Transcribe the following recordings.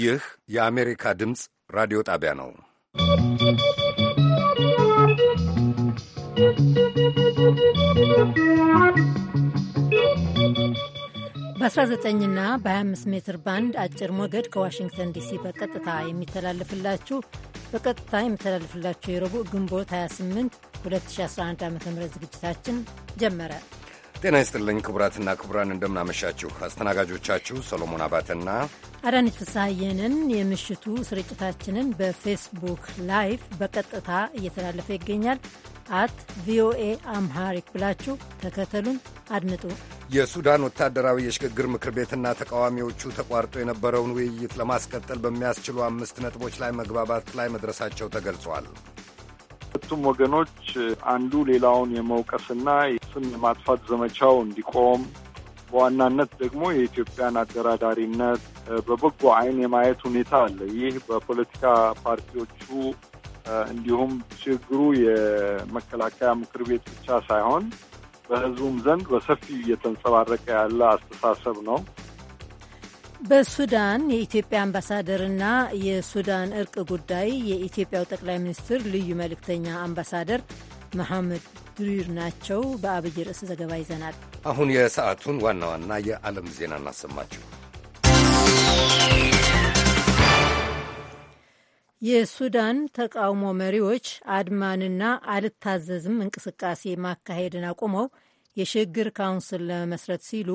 ይህ የአሜሪካ ድምፅ ራዲዮ ጣቢያ ነው። በ19ና በ25 ሜትር ባንድ አጭር ሞገድ ከዋሽንግተን ዲሲ በቀጥታ የሚተላልፍላችሁ በቀጥታ የሚተላልፍላችሁ የረቡዕ ግንቦት 28 2011 ዓ ም ዝግጅታችን ጀመረ። ጤና ይስጥልኝ ክቡራትና ክቡራን፣ እንደምናመሻችሁ። አስተናጋጆቻችሁ ሰሎሞን አባተና አዳነች ፍስሐየንን። የምሽቱ ስርጭታችንን በፌስቡክ ላይቭ በቀጥታ እየተላለፈ ይገኛል። አት ቪኦኤ አምሃሪክ ብላችሁ ተከተሉን፣ አድምጡ። የሱዳን ወታደራዊ የሽግግር ምክር ቤትና ተቃዋሚዎቹ ተቋርጦ የነበረውን ውይይት ለማስቀጠል በሚያስችሉ አምስት ነጥቦች ላይ መግባባት ላይ መድረሳቸው ተገልጿል። ሁለቱም ወገኖች አንዱ ሌላውን የመውቀስና ስም የማጥፋት ዘመቻው እንዲቆም በዋናነት ደግሞ የኢትዮጵያን አደራዳሪነት በበጎ ዓይን የማየት ሁኔታ አለ። ይህ በፖለቲካ ፓርቲዎቹ እንዲሁም ችግሩ የመከላከያ ምክር ቤት ብቻ ሳይሆን በሕዝቡም ዘንድ በሰፊው እየተንጸባረቀ ያለ አስተሳሰብ ነው። በሱዳን የኢትዮጵያ አምባሳደርና የሱዳን እርቅ ጉዳይ የኢትዮጵያው ጠቅላይ ሚኒስትር ልዩ መልእክተኛ አምባሳደር መሐመድ ድሪር ናቸው። በአብይ ርዕስ ዘገባ ይዘናል። አሁን የሰዓቱን ዋና ዋና የዓለም ዜና እናሰማችሁ። የሱዳን ተቃውሞ መሪዎች አድማንና አልታዘዝም እንቅስቃሴ ማካሄድን አቁመው የሽግግር ካውንስል ለመመስረት ሲሉ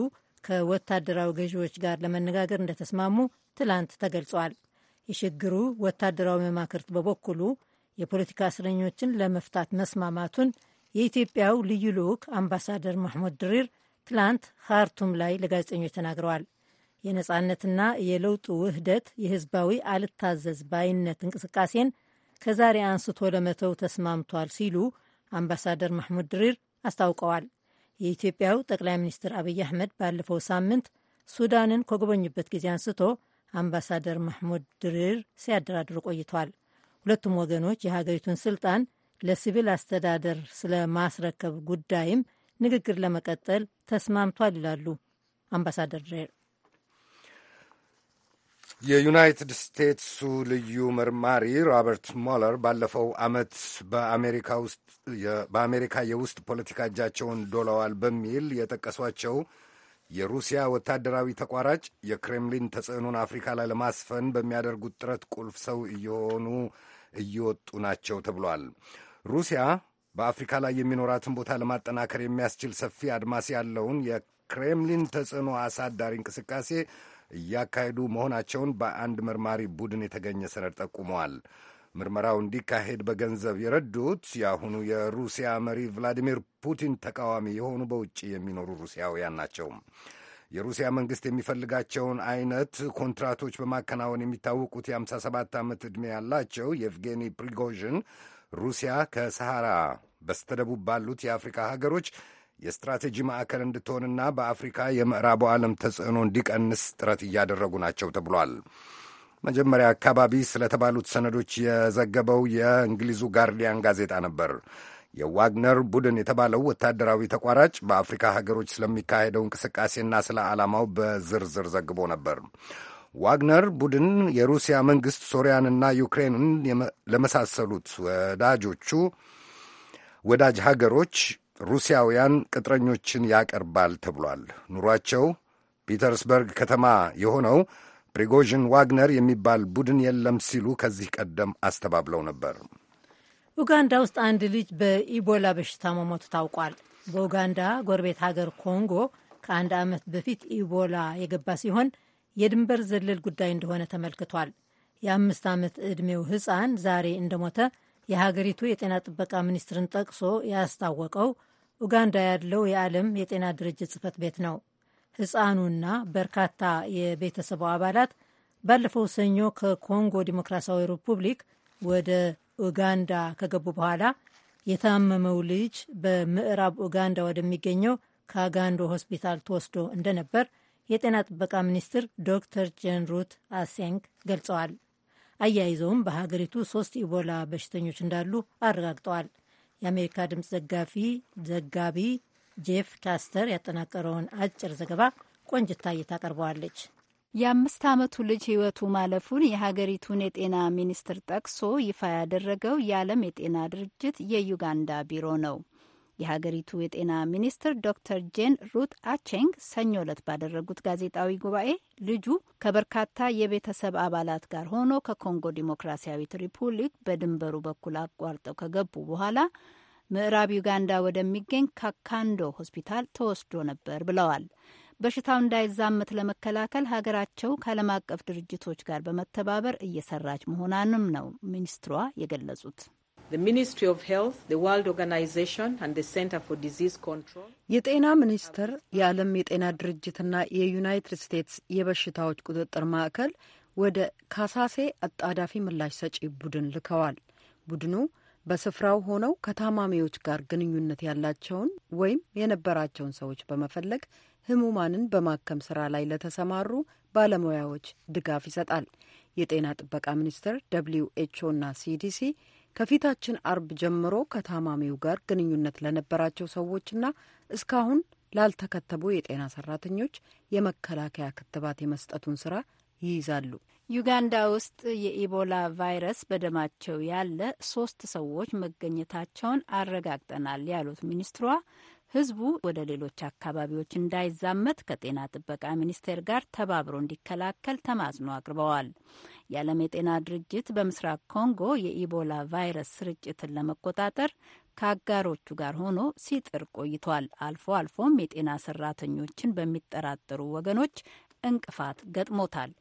ከወታደራዊ ገዢዎች ጋር ለመነጋገር እንደተስማሙ ትላንት ተገልጿል። የሽግግሩ ወታደራዊ መማክርት በበኩሉ የፖለቲካ እስረኞችን ለመፍታት መስማማቱን የኢትዮጵያው ልዩ ልዑክ አምባሳደር ማሕሙድ ድሪር ትላንት ካርቱም ላይ ለጋዜጠኞች ተናግረዋል። የነጻነትና የለውጡ ውህደት የህዝባዊ አልታዘዝ ባይነት እንቅስቃሴን ከዛሬ አንስቶ ለመተው ተስማምቷል ሲሉ አምባሳደር ማሕሙድ ድሪር አስታውቀዋል። የኢትዮጵያው ጠቅላይ ሚኒስትር አብይ አህመድ ባለፈው ሳምንት ሱዳንን ከጎበኙበት ጊዜ አንስቶ አምባሳደር ማሕሙድ ድሪር ሲያደራድሩ ቆይቷል። ሁለቱም ወገኖች የሀገሪቱን ስልጣን ለሲቪል አስተዳደር ስለማስረከብ ጉዳይም ንግግር ለመቀጠል ተስማምቷል ይላሉ አምባሳደር ድሪር። የዩናይትድ ስቴትሱ ልዩ መርማሪ ሮበርት ሞለር ባለፈው ዓመት በአሜሪካ ውስጥ በአሜሪካ የውስጥ ፖለቲካ እጃቸውን ዶለዋል በሚል የጠቀሷቸው የሩሲያ ወታደራዊ ተቋራጭ የክሬምሊን ተጽዕኖን አፍሪካ ላይ ለማስፈን በሚያደርጉት ጥረት ቁልፍ ሰው እየሆኑ እየወጡ ናቸው ተብሏል። ሩሲያ በአፍሪካ ላይ የሚኖራትን ቦታ ለማጠናከር የሚያስችል ሰፊ አድማስ ያለውን የክሬምሊን ተጽዕኖ አሳዳሪ እንቅስቃሴ እያካሄዱ መሆናቸውን በአንድ መርማሪ ቡድን የተገኘ ሰነድ ጠቁመዋል። ምርመራው እንዲካሄድ በገንዘብ የረዱት የአሁኑ የሩሲያ መሪ ቭላዲሚር ፑቲን ተቃዋሚ የሆኑ በውጭ የሚኖሩ ሩሲያውያን ናቸው። የሩሲያ መንግሥት የሚፈልጋቸውን አይነት ኮንትራቶች በማከናወን የሚታወቁት የ57 ዓመት ዕድሜ ያላቸው የኤቭጌኒ ፕሪጎዥን ሩሲያ ከሰሃራ በስተደቡብ ባሉት የአፍሪካ ሀገሮች የስትራቴጂ ማዕከል እንድትሆንና በአፍሪካ የምዕራቡ ዓለም ተጽዕኖ እንዲቀንስ ጥረት እያደረጉ ናቸው ተብሏል። መጀመሪያ አካባቢ ስለተባሉት ሰነዶች የዘገበው የእንግሊዙ ጋርዲያን ጋዜጣ ነበር። የዋግነር ቡድን የተባለው ወታደራዊ ተቋራጭ በአፍሪካ ሀገሮች ስለሚካሄደው እንቅስቃሴና ስለ ዓላማው በዝርዝር ዘግቦ ነበር። ዋግነር ቡድን የሩሲያ መንግሥት ሶሪያንና ዩክሬንን ለመሳሰሉት ወዳጆቹ ወዳጅ ሀገሮች ሩሲያውያን ቅጥረኞችን ያቀርባል ተብሏል። ኑሯቸው ፒተርስበርግ ከተማ የሆነው ፕሪጎዥን ዋግነር የሚባል ቡድን የለም ሲሉ ከዚህ ቀደም አስተባብለው ነበር። ኡጋንዳ ውስጥ አንድ ልጅ በኢቦላ በሽታ መሞቱ ታውቋል። በኡጋንዳ ጎረቤት ሀገር ኮንጎ ከአንድ ዓመት በፊት ኢቦላ የገባ ሲሆን የድንበር ዘለል ጉዳይ እንደሆነ ተመልክቷል። የአምስት ዓመት ዕድሜው ሕፃን ዛሬ እንደሞተ የሀገሪቱ የጤና ጥበቃ ሚኒስትርን ጠቅሶ ያስታወቀው ኡጋንዳ ያለው የዓለም የጤና ድርጅት ጽህፈት ቤት ነው። ሕፃኑና በርካታ የቤተሰቡ አባላት ባለፈው ሰኞ ከኮንጎ ዲሞክራሲያዊ ሪፑብሊክ ወደ ኡጋንዳ ከገቡ በኋላ የታመመው ልጅ በምዕራብ ኡጋንዳ ወደሚገኘው ካጋንዶ ሆስፒታል ተወስዶ እንደነበር የጤና ጥበቃ ሚኒስትር ዶክተር ጀንሩት አሴንግ ገልጸዋል። አያይዘውም በሀገሪቱ ሶስት ኢቦላ በሽተኞች እንዳሉ አረጋግጠዋል። የአሜሪካ ድምፅ ዘጋቢ ዘጋቢ ጄፍ ካስተር ያጠናቀረውን አጭር ዘገባ ቆንጅታዬ ታቀርበዋለች። የአምስት ዓመቱ ልጅ ሕይወቱ ማለፉን የሀገሪቱን የጤና ሚኒስትር ጠቅሶ ይፋ ያደረገው የዓለም የጤና ድርጅት የዩጋንዳ ቢሮ ነው። የሀገሪቱ የጤና ሚኒስትር ዶክተር ጄን ሩት አቼንግ ሰኞ ዕለት ባደረጉት ጋዜጣዊ ጉባኤ ልጁ ከበርካታ የቤተሰብ አባላት ጋር ሆኖ ከኮንጎ ዲሞክራሲያዊት ሪፑብሊክ በድንበሩ በኩል አቋርጠው ከገቡ በኋላ ምዕራብ ዩጋንዳ ወደሚገኝ ካካንዶ ሆስፒታል ተወስዶ ነበር ብለዋል። በሽታው እንዳይዛመት ለመከላከል ሀገራቸው ከዓለም አቀፍ ድርጅቶች ጋር በመተባበር እየሰራች መሆኗንም ነው ሚኒስትሯ የገለጹት። የጤና ሚኒስቴር የዓለም የጤና ድርጅትና የዩናይትድ ስቴትስ የበሽታዎች ቁጥጥር ማዕከል ወደ ካሳሴ አጣዳፊ ምላሽ ሰጪ ቡድን ልከዋል። ቡድኑ በስፍራው ሆነው ከታማሚዎች ጋር ግንኙነት ያላቸውን ወይም የነበራቸውን ሰዎች በመፈለግ ህሙማንን በማከም ስራ ላይ ለተሰማሩ ባለሙያዎች ድጋፍ ይሰጣል። የጤና ጥበቃ ሚኒስቴር ደብልዩ ኤች ኦ እና ሲዲሲ ከፊታችን አርብ ጀምሮ ከታማሚው ጋር ግንኙነት ለነበራቸው ሰዎችና እስካሁን ላልተከተቡ የጤና ሰራተኞች የመከላከያ ክትባት የመስጠቱን ስራ ይይዛሉ። ዩጋንዳ ውስጥ የኢቦላ ቫይረስ በደማቸው ያለ ሶስት ሰዎች መገኘታቸውን አረጋግጠናል ያሉት ሚኒስትሯ ህዝቡ ወደ ሌሎች አካባቢዎች እንዳይዛመት ከጤና ጥበቃ ሚኒስቴር ጋር ተባብሮ እንዲከላከል ተማጽኖ አቅርበዋል። የዓለም የጤና ድርጅት በምስራቅ ኮንጎ የኢቦላ ቫይረስ ስርጭትን ለመቆጣጠር ከአጋሮቹ ጋር ሆኖ ሲጥር ቆይቷል። አልፎ አልፎም የጤና ሰራተኞችን በሚጠራጠሩ ወገኖች እንቅፋት ገጥሞታል።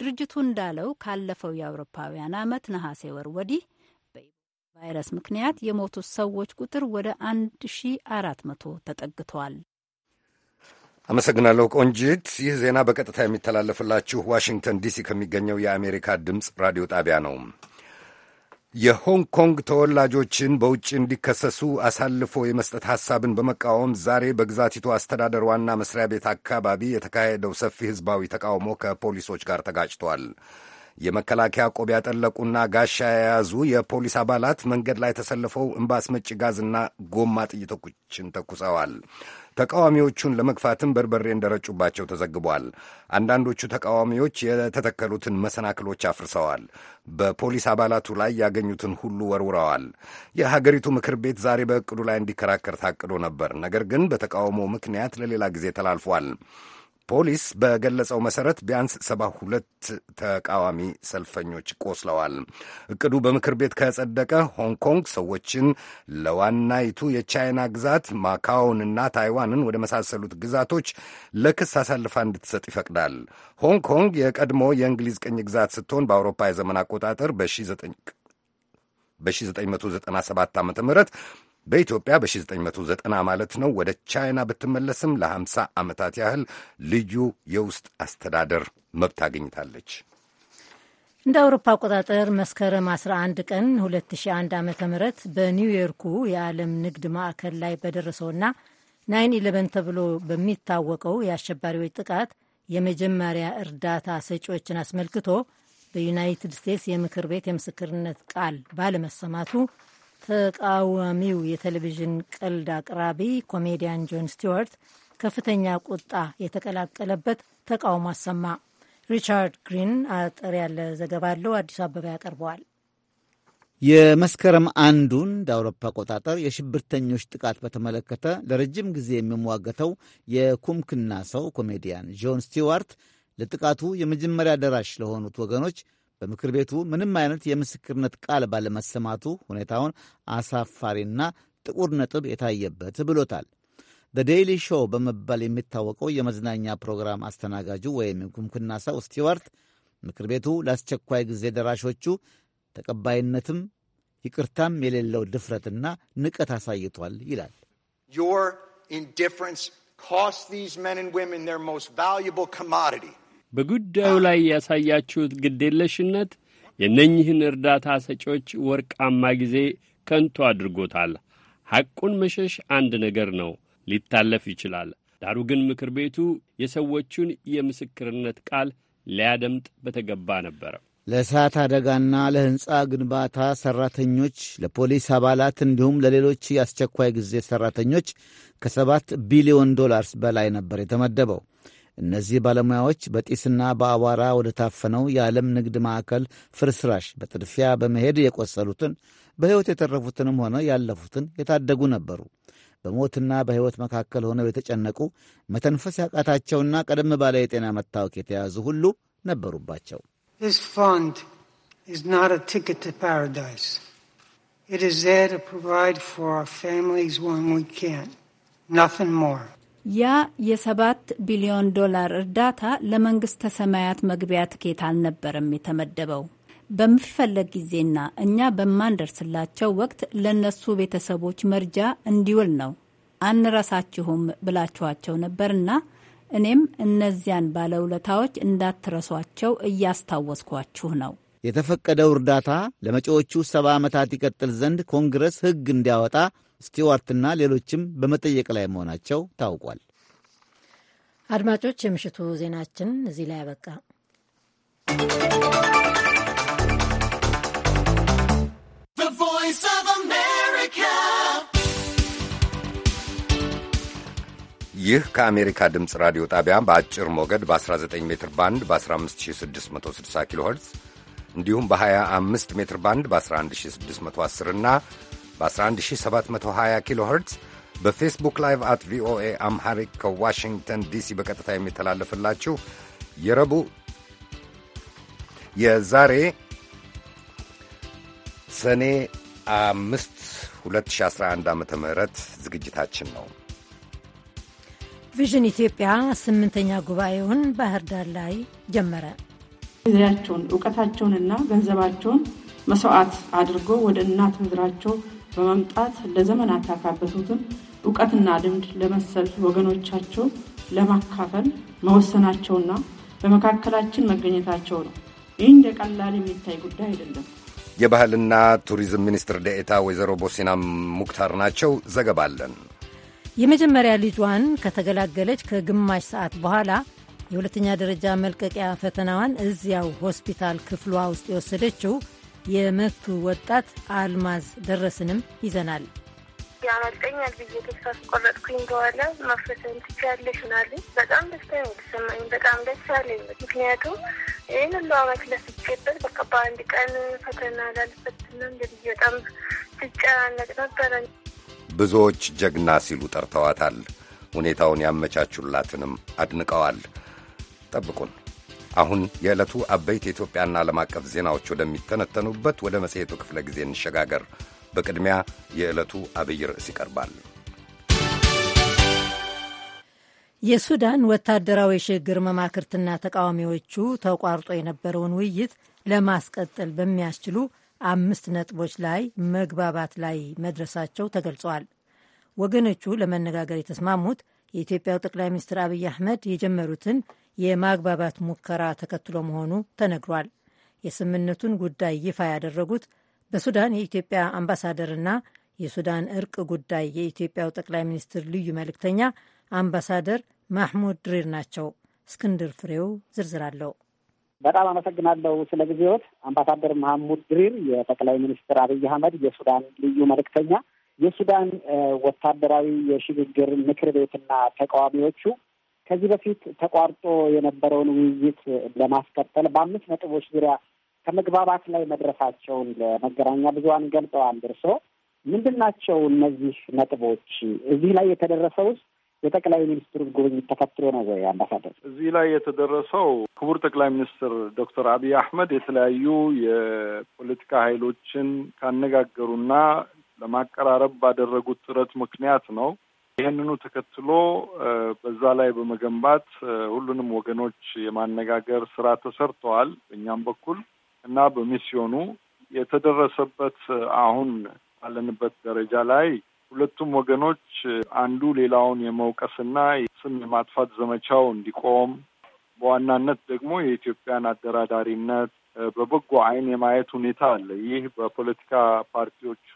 ድርጅቱ እንዳለው ካለፈው የአውሮፓውያን ዓመት ነሐሴ ወር ወዲህ በኢቦላ ቫይረስ ምክንያት የሞቱት ሰዎች ቁጥር ወደ መቶ ተጠግቷል። አመሰግናለሁ ቆንጂት። ይህ ዜና በቀጥታ የሚተላለፍላችሁ ዋሽንግተን ዲሲ ከሚገኘው የአሜሪካ ድምፅ ራዲዮ ጣቢያ ነው። የሆንግ ኮንግ ተወላጆችን በውጭ እንዲከሰሱ አሳልፎ የመስጠት ሐሳብን በመቃወም ዛሬ በግዛቲቱ አስተዳደር ዋና መስሪያ ቤት አካባቢ የተካሄደው ሰፊ ሕዝባዊ ተቃውሞ ከፖሊሶች ጋር ተጋጭቷል። የመከላከያ ቆብ ያጠለቁና ጋሻ የያዙ የፖሊስ አባላት መንገድ ላይ ተሰልፈው እምባስ መጭ ጋዝና ጎማ ጥይቶችን ተኩሰዋል። ተቃዋሚዎቹን ለመግፋትም በርበሬ እንደረጩባቸው ተዘግቧል። አንዳንዶቹ ተቃዋሚዎች የተተከሉትን መሰናክሎች አፍርሰዋል። በፖሊስ አባላቱ ላይ ያገኙትን ሁሉ ወርውረዋል። የሀገሪቱ ምክር ቤት ዛሬ በእቅዱ ላይ እንዲከራከር ታቅዶ ነበር። ነገር ግን በተቃውሞ ምክንያት ለሌላ ጊዜ ተላልፏል። ፖሊስ በገለጸው መሰረት ቢያንስ ሰባ ሁለት ተቃዋሚ ሰልፈኞች ቆስለዋል። እቅዱ በምክር ቤት ከጸደቀ ሆንግ ኮንግ ሰዎችን ለዋናይቱ የቻይና ግዛት ማካዎንና ታይዋንን ወደ መሳሰሉት ግዛቶች ለክስ አሳልፋ እንድትሰጥ ይፈቅዳል። ሆንግ ኮንግ የቀድሞ የእንግሊዝ ቅኝ ግዛት ስትሆን በአውሮፓ የዘመን አቆጣጠር በ1997 ዓ ም በኢትዮጵያ በ1990 ማለት ነው ወደ ቻይና ብትመለስም ለ50 ዓመታት ያህል ልዩ የውስጥ አስተዳደር መብት አግኝታለች። እንደ አውሮፓ አቆጣጠር መስከረም 11 ቀን 2001 ዓ ም በኒውዮርኩ የዓለም ንግድ ማዕከል ላይ በደረሰውና ናይን ኢለቨን ተብሎ በሚታወቀው የአሸባሪዎች ጥቃት የመጀመሪያ እርዳታ ሰጪዎችን አስመልክቶ በዩናይትድ ስቴትስ የምክር ቤት የምስክርነት ቃል ባለመሰማቱ ተቃዋሚው የቴሌቪዥን ቀልድ አቅራቢ ኮሜዲያን ጆን ስቲዋርት ከፍተኛ ቁጣ የተቀላቀለበት ተቃውሞ አሰማ። ሪቻርድ ግሪን አጠር ያለ ዘገባ አለው። አዲስ አበባ ያቀርበዋል። የመስከረም አንዱን እንደ አውሮፓ አቆጣጠር የሽብርተኞች ጥቃት በተመለከተ ለረጅም ጊዜ የሚሟገተው የኩምክና ሰው ኮሜዲያን ጆን ስቲዋርት ለጥቃቱ የመጀመሪያ ደራሽ ለሆኑት ወገኖች በምክር ቤቱ ምንም አይነት የምስክርነት ቃል ባለመሰማቱ ሁኔታውን አሳፋሪና ጥቁር ነጥብ የታየበት ብሎታል። በዴይሊ ሾው በመባል የሚታወቀው የመዝናኛ ፕሮግራም አስተናጋጁ ወይም የኩምኩና ሰው ስቲዋርት ምክር ቤቱ ለአስቸኳይ ጊዜ ደራሾቹ ተቀባይነትም ይቅርታም የሌለው ድፍረትና ንቀት አሳይቷል ይላል። Your ኢንዲፍረንስ ኮስት ዚዝ መን and ወመን their ሞስት valuable commodity. በጉዳዩ ላይ ያሳያችሁት ግዴለሽነት የእነኝህን እርዳታ ሰጪዎች ወርቃማ ጊዜ ከንቱ አድርጎታል። ሐቁን መሸሽ አንድ ነገር ነው፣ ሊታለፍ ይችላል። ዳሩ ግን ምክር ቤቱ የሰዎቹን የምስክርነት ቃል ሊያደምጥ በተገባ ነበረ። ለእሳት አደጋና ለሕንፃ ግንባታ ሠራተኞች፣ ለፖሊስ አባላት እንዲሁም ለሌሎች የአስቸኳይ ጊዜ ሠራተኞች ከሰባት ቢሊዮን ዶላርስ በላይ ነበር የተመደበው። እነዚህ ባለሙያዎች በጢስና በአቧራ ወደ ታፈነው የዓለም ንግድ ማዕከል ፍርስራሽ በጥድፊያ በመሄድ የቆሰሉትን በሕይወት የተረፉትንም ሆነ ያለፉትን የታደጉ ነበሩ። በሞትና በሕይወት መካከል ሆነው የተጨነቁ መተንፈስ ያቃታቸውና ቀደም ባለ የጤና መታወክ የተያዙ ሁሉ ነበሩባቸው። ያ የሰባት ቢሊዮን ዶላር እርዳታ ለመንግስተ ሰማያት መግቢያ ትኬት አልነበረም የተመደበው። በሚፈለግ ጊዜና እኛ በማንደርስላቸው ወቅት ለነሱ ቤተሰቦች መርጃ እንዲውል ነው። አንረሳችሁም ብላችኋቸው ነበርና እኔም እነዚያን ባለውለታዎች እንዳትረሷቸው እያስታወስኳችሁ ነው። የተፈቀደው እርዳታ ለመጪዎቹ ሰባ ዓመታት ይቀጥል ዘንድ ኮንግረስ ሕግ እንዲያወጣ ስቲዋርትና ሌሎችም በመጠየቅ ላይ መሆናቸው ታውቋል። አድማጮች፣ የምሽቱ ዜናችን እዚህ ላይ አበቃ። ይህ ከአሜሪካ ድምፅ ራዲዮ ጣቢያ በአጭር ሞገድ በ19 ሜትር ባንድ በ15660 ኪሎ ኸርትዝ እንዲሁም በ25 ሜትር ባንድ በ11610 እና በ11720 ኪሎ ኸርትዝ በፌስቡክ ላይቭ አት ቪኦኤ አምሃሪክ ከዋሽንግተን ዲሲ በቀጥታ የሚተላለፍላችሁ የረቡዕ የዛሬ ሰኔ አምስት 2011 ዓ ም ዝግጅታችን ነው። ቪዥን ኢትዮጵያ ስምንተኛ ጉባኤውን ባህር ዳር ላይ ጀመረ። ጊዜያቸውን እውቀታቸውንና ገንዘባቸውን መስዋዕት አድርጎ ወደ እናት ምድራቸው በመምጣት ለዘመናት ያካበቱትን እውቀትና ልምድ ለመሰል ወገኖቻቸው ለማካፈል መወሰናቸውና በመካከላችን መገኘታቸው ነው። ይህ እንደ ቀላል የሚታይ ጉዳይ አይደለም። የባህልና ቱሪዝም ሚኒስትር ደኤታ ወይዘሮ ቦሲና ሙክታር ናቸው። ዘገባ አለን። የመጀመሪያ ልጇን ከተገላገለች ከግማሽ ሰዓት በኋላ የሁለተኛ ደረጃ መልቀቂያ ፈተናዋን እዚያው ሆስፒታል ክፍሏ ውስጥ የወሰደችው የመቱ ወጣት አልማዝ ደረስንም ይዘናል። ያመልጠኛል ብዬ ተስፋ ስቆረጥኩኝ በኋላ መፍረሰን ትችያለሽ ምናለኝ። በጣም ደስታ ነው የተሰማኝ። በጣም ደስ አለኝ። ምክንያቱም ይህን ሁሉ አመት ለፍቼበት በቃ በአንድ ቀን ፈተና ላልፈትና እንደዚህ በጣም ስጨናነቅ ነበረ። ብዙዎች ጀግና ሲሉ ጠርተዋታል። ሁኔታውን ያመቻቹላትንም አድንቀዋል። ጠብቁን። አሁን የዕለቱ አበይት የኢትዮጵያና ዓለም አቀፍ ዜናዎች ወደሚተነተኑበት ወደ መጽሔቱ ክፍለ ጊዜ እንሸጋገር። በቅድሚያ የዕለቱ አብይ ርዕስ ይቀርባል። የሱዳን ወታደራዊ የሽግግር መማክርትና ተቃዋሚዎቹ ተቋርጦ የነበረውን ውይይት ለማስቀጠል በሚያስችሉ አምስት ነጥቦች ላይ መግባባት ላይ መድረሳቸው ተገልጿል። ወገኖቹ ለመነጋገር የተስማሙት የኢትዮጵያው ጠቅላይ ሚኒስትር አብይ አህመድ የጀመሩትን የማግባባት ሙከራ ተከትሎ መሆኑ ተነግሯል። የስምምነቱን ጉዳይ ይፋ ያደረጉት በሱዳን የኢትዮጵያ አምባሳደርና የሱዳን እርቅ ጉዳይ የኢትዮጵያው ጠቅላይ ሚኒስትር ልዩ መልእክተኛ አምባሳደር ማህሙድ ድሪር ናቸው። እስክንድር ፍሬው ዝርዝር አለው። በጣም አመሰግናለሁ ስለ ጊዜዎት አምባሳደር መሐሙድ ድሪር የጠቅላይ ሚኒስትር አብይ አህመድ የሱዳን ልዩ መልእክተኛ የሱዳን ወታደራዊ የሽግግር ምክር ቤትና ተቃዋሚዎቹ ከዚህ በፊት ተቋርጦ የነበረውን ውይይት ለማስቀጠል በአምስት ነጥቦች ዙሪያ ከመግባባት ላይ መድረሳቸውን ለመገናኛ ብዙኃን ገልጸዋል። እርሶ ምንድን ናቸው እነዚህ ነጥቦች? እዚህ ላይ የተደረሰው ውስጥ የጠቅላይ ሚኒስትሩን ጉብኝት ተከትሎ ነው ወይ አምባሳደር? እዚህ ላይ የተደረሰው ክቡር ጠቅላይ ሚኒስትር ዶክተር አብይ አህመድ የተለያዩ የፖለቲካ ኃይሎችን ካነጋገሩና ለማቀራረብ ባደረጉት ጥረት ምክንያት ነው። ይህንኑ ተከትሎ በዛ ላይ በመገንባት ሁሉንም ወገኖች የማነጋገር ስራ ተሰርተዋል። በእኛም በኩል እና በሚስዮኑ የተደረሰበት አሁን ባለንበት ደረጃ ላይ ሁለቱም ወገኖች አንዱ ሌላውን የመውቀስና ስም የማጥፋት ዘመቻው እንዲቆም በዋናነት ደግሞ የኢትዮጵያን አደራዳሪነት በበጎ ዓይን የማየት ሁኔታ አለ። ይህ በፖለቲካ ፓርቲዎቹ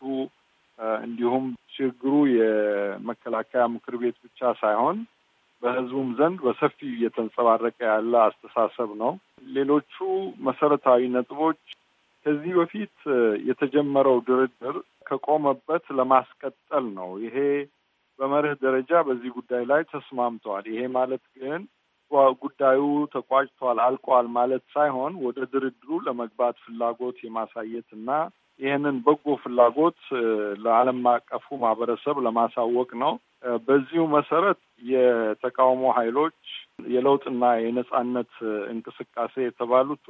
እንዲሁም ችግሩ የመከላከያ ምክር ቤት ብቻ ሳይሆን በህዝቡም ዘንድ በሰፊው እየተንጸባረቀ ያለ አስተሳሰብ ነው። ሌሎቹ መሰረታዊ ነጥቦች ከዚህ በፊት የተጀመረው ድርድር ከቆመበት ለማስቀጠል ነው። ይሄ በመርህ ደረጃ በዚህ ጉዳይ ላይ ተስማምተዋል። ይሄ ማለት ግን ጉዳዩ ተቋጭቷል፣ አልቋል ማለት ሳይሆን ወደ ድርድሩ ለመግባት ፍላጎት የማሳየት እና ይህንን በጎ ፍላጎት ለዓለም አቀፉ ማህበረሰብ ለማሳወቅ ነው። በዚሁ መሰረት የተቃውሞ ኃይሎች የለውጥና የነጻነት እንቅስቃሴ የተባሉቱ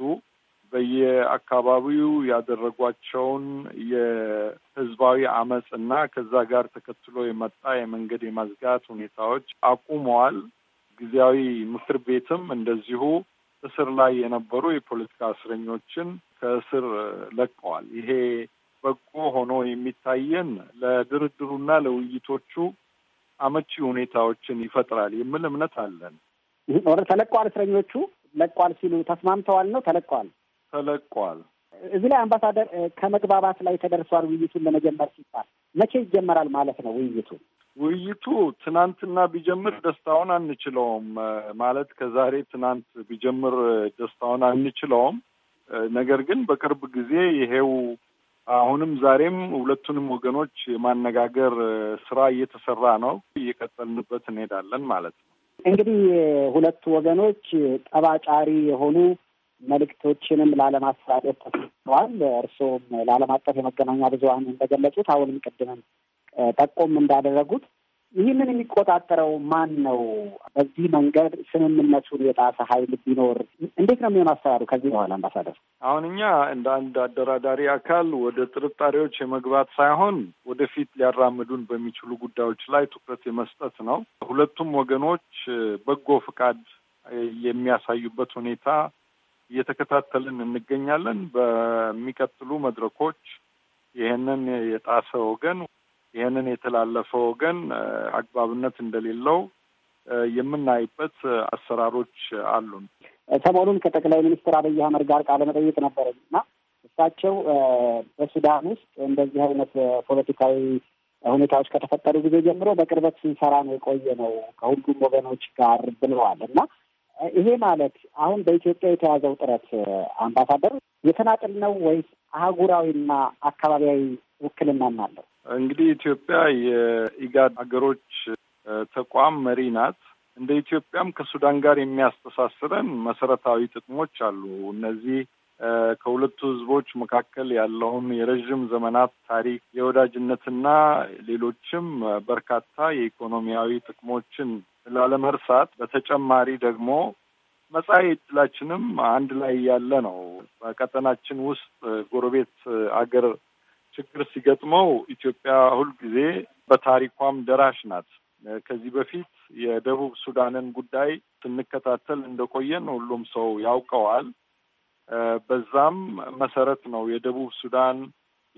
በየአካባቢው ያደረጓቸውን የህዝባዊ አመፅ እና ከዛ ጋር ተከትሎ የመጣ የመንገድ የማዝጋት ሁኔታዎች አቁመዋል። ጊዜያዊ ምክር ቤትም እንደዚሁ እስር ላይ የነበሩ የፖለቲካ እስረኞችን ከእስር ለቀዋል። ይሄ በጎ ሆኖ የሚታየን ለድርድሩና ለውይይቶቹ አመቺ ሁኔታዎችን ይፈጥራል የሚል እምነት አለን። ተለቀዋል፣ እስረኞቹ ለቀዋል ሲሉ ተስማምተዋል ነው ተለቀዋል፣ ተለቀዋል። እዚህ ላይ አምባሳደር ከመግባባት ላይ ተደርሷል። ውይይቱን ለመጀመር ሲባል መቼ ይጀመራል ማለት ነው ውይይቱ? ውይይቱ ትናንትና ቢጀምር ደስታውን አንችለውም ማለት ከዛሬ ትናንት ቢጀምር ደስታውን አንችለውም። ነገር ግን በቅርብ ጊዜ ይሄው አሁንም ዛሬም ሁለቱንም ወገኖች የማነጋገር ስራ እየተሰራ ነው። እየቀጠልንበት እንሄዳለን ማለት ነው። እንግዲህ ሁለቱ ወገኖች ጠባጫሪ የሆኑ መልእክቶችንም ላለማስተላለፍ ተሰጥተዋል። እርስዎም ለዓለም አቀፍ የመገናኛ ብዙኃን እንደገለጹት አሁንም ቅድምም ጠቆም እንዳደረጉት ይህንን የሚቆጣጠረው ማን ነው? በዚህ መንገድ ስምምነቱን የጣሰ ኃይል ቢኖር እንዴት ነው የሚሆን አሰራሩ? ከዚህ በኋላ አምባሳደር፣ አሁን እኛ እንደ አንድ አደራዳሪ አካል ወደ ጥርጣሬዎች የመግባት ሳይሆን ወደፊት ሊያራምዱን በሚችሉ ጉዳዮች ላይ ትኩረት የመስጠት ነው። ሁለቱም ወገኖች በጎ ፍቃድ የሚያሳዩበት ሁኔታ እየተከታተልን እንገኛለን። በሚቀጥሉ መድረኮች ይህንን የጣሰ ወገን ይህንን የተላለፈ ወገን አግባብነት እንደሌለው የምናይበት አሰራሮች አሉን። ሰሞኑን ከጠቅላይ ሚኒስትር አብይ አህመድ ጋር ቃለ መጠይቅ ነበረኝ እና እሳቸው በሱዳን ውስጥ እንደዚህ አይነት ፖለቲካዊ ሁኔታዎች ከተፈጠሩ ጊዜ ጀምሮ በቅርበት ስንሰራ ነው የቆየ ነው ከሁሉም ወገኖች ጋር ብለዋል እና ይሄ ማለት አሁን በኢትዮጵያ የተያዘው ጥረት አምባሳደር የተናጥል ነው ወይስ አህጉራዊና አካባቢያዊ ውክልናም አለው። እንግዲህ ኢትዮጵያ የኢጋድ ሀገሮች ተቋም መሪ ናት። እንደ ኢትዮጵያም ከሱዳን ጋር የሚያስተሳስረን መሰረታዊ ጥቅሞች አሉ። እነዚህ ከሁለቱ ህዝቦች መካከል ያለውን የረዥም ዘመናት ታሪክ የወዳጅነትና ሌሎችም በርካታ የኢኮኖሚያዊ ጥቅሞችን ላለመርሳት በተጨማሪ ደግሞ መጻኢ ዕድላችንም አንድ ላይ ያለ ነው። በቀጠናችን ውስጥ ጎረቤት አገር ችግር ሲገጥመው ኢትዮጵያ ሁልጊዜ በታሪኳም ደራሽ ናት። ከዚህ በፊት የደቡብ ሱዳንን ጉዳይ ስንከታተል እንደቆየን ሁሉም ሰው ያውቀዋል። በዛም መሰረት ነው የደቡብ ሱዳን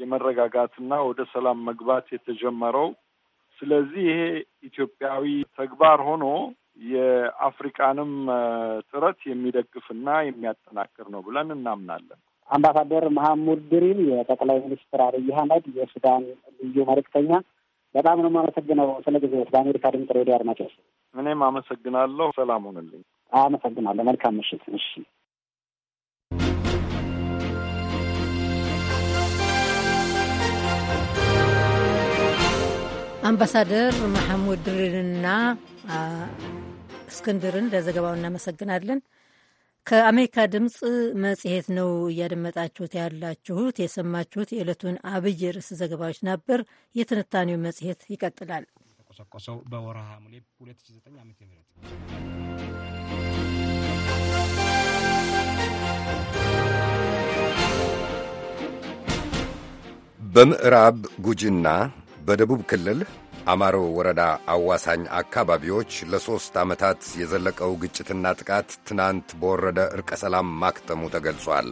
የመረጋጋትና ወደ ሰላም መግባት የተጀመረው። ስለዚህ ይሄ ኢትዮጵያዊ ተግባር ሆኖ የአፍሪቃንም ጥረት የሚደግፍና የሚያጠናክር ነው ብለን እናምናለን። አምባሳደር መሐሙድ ድሪር፣ የጠቅላይ ሚኒስትር አብይ አህመድ የሱዳን ልዩ መልእክተኛ፣ በጣም ነው የማመሰግነው ስለ ጊዜዎት። በአሜሪካ ድምጽ ሬዲዮ አድማጮች እኔም አመሰግናለሁ። ሰላም ሆንልኝ። አመሰግናለሁ። መልካም ምሽት። እሺ አምባሳደር መሐሙድ ድሪርና እስክንድርን ለዘገባው እናመሰግናለን። ከአሜሪካ ድምፅ መጽሔት ነው እያደመጣችሁት ያላችሁት። የሰማችሁት የዕለቱን አብይ ርዕስ ዘገባዎች ነበር። የትንታኔው መጽሔት ይቀጥላል። የተቆሰቆሰው በወርሃ ሙሌ 2009 ም በምዕራብ ጉጂና በደቡብ ክልል አማሮ ወረዳ አዋሳኝ አካባቢዎች ለሦስት ዓመታት የዘለቀው ግጭትና ጥቃት ትናንት በወረደ ዕርቀ ሰላም ማክተሙ ተገልጿል።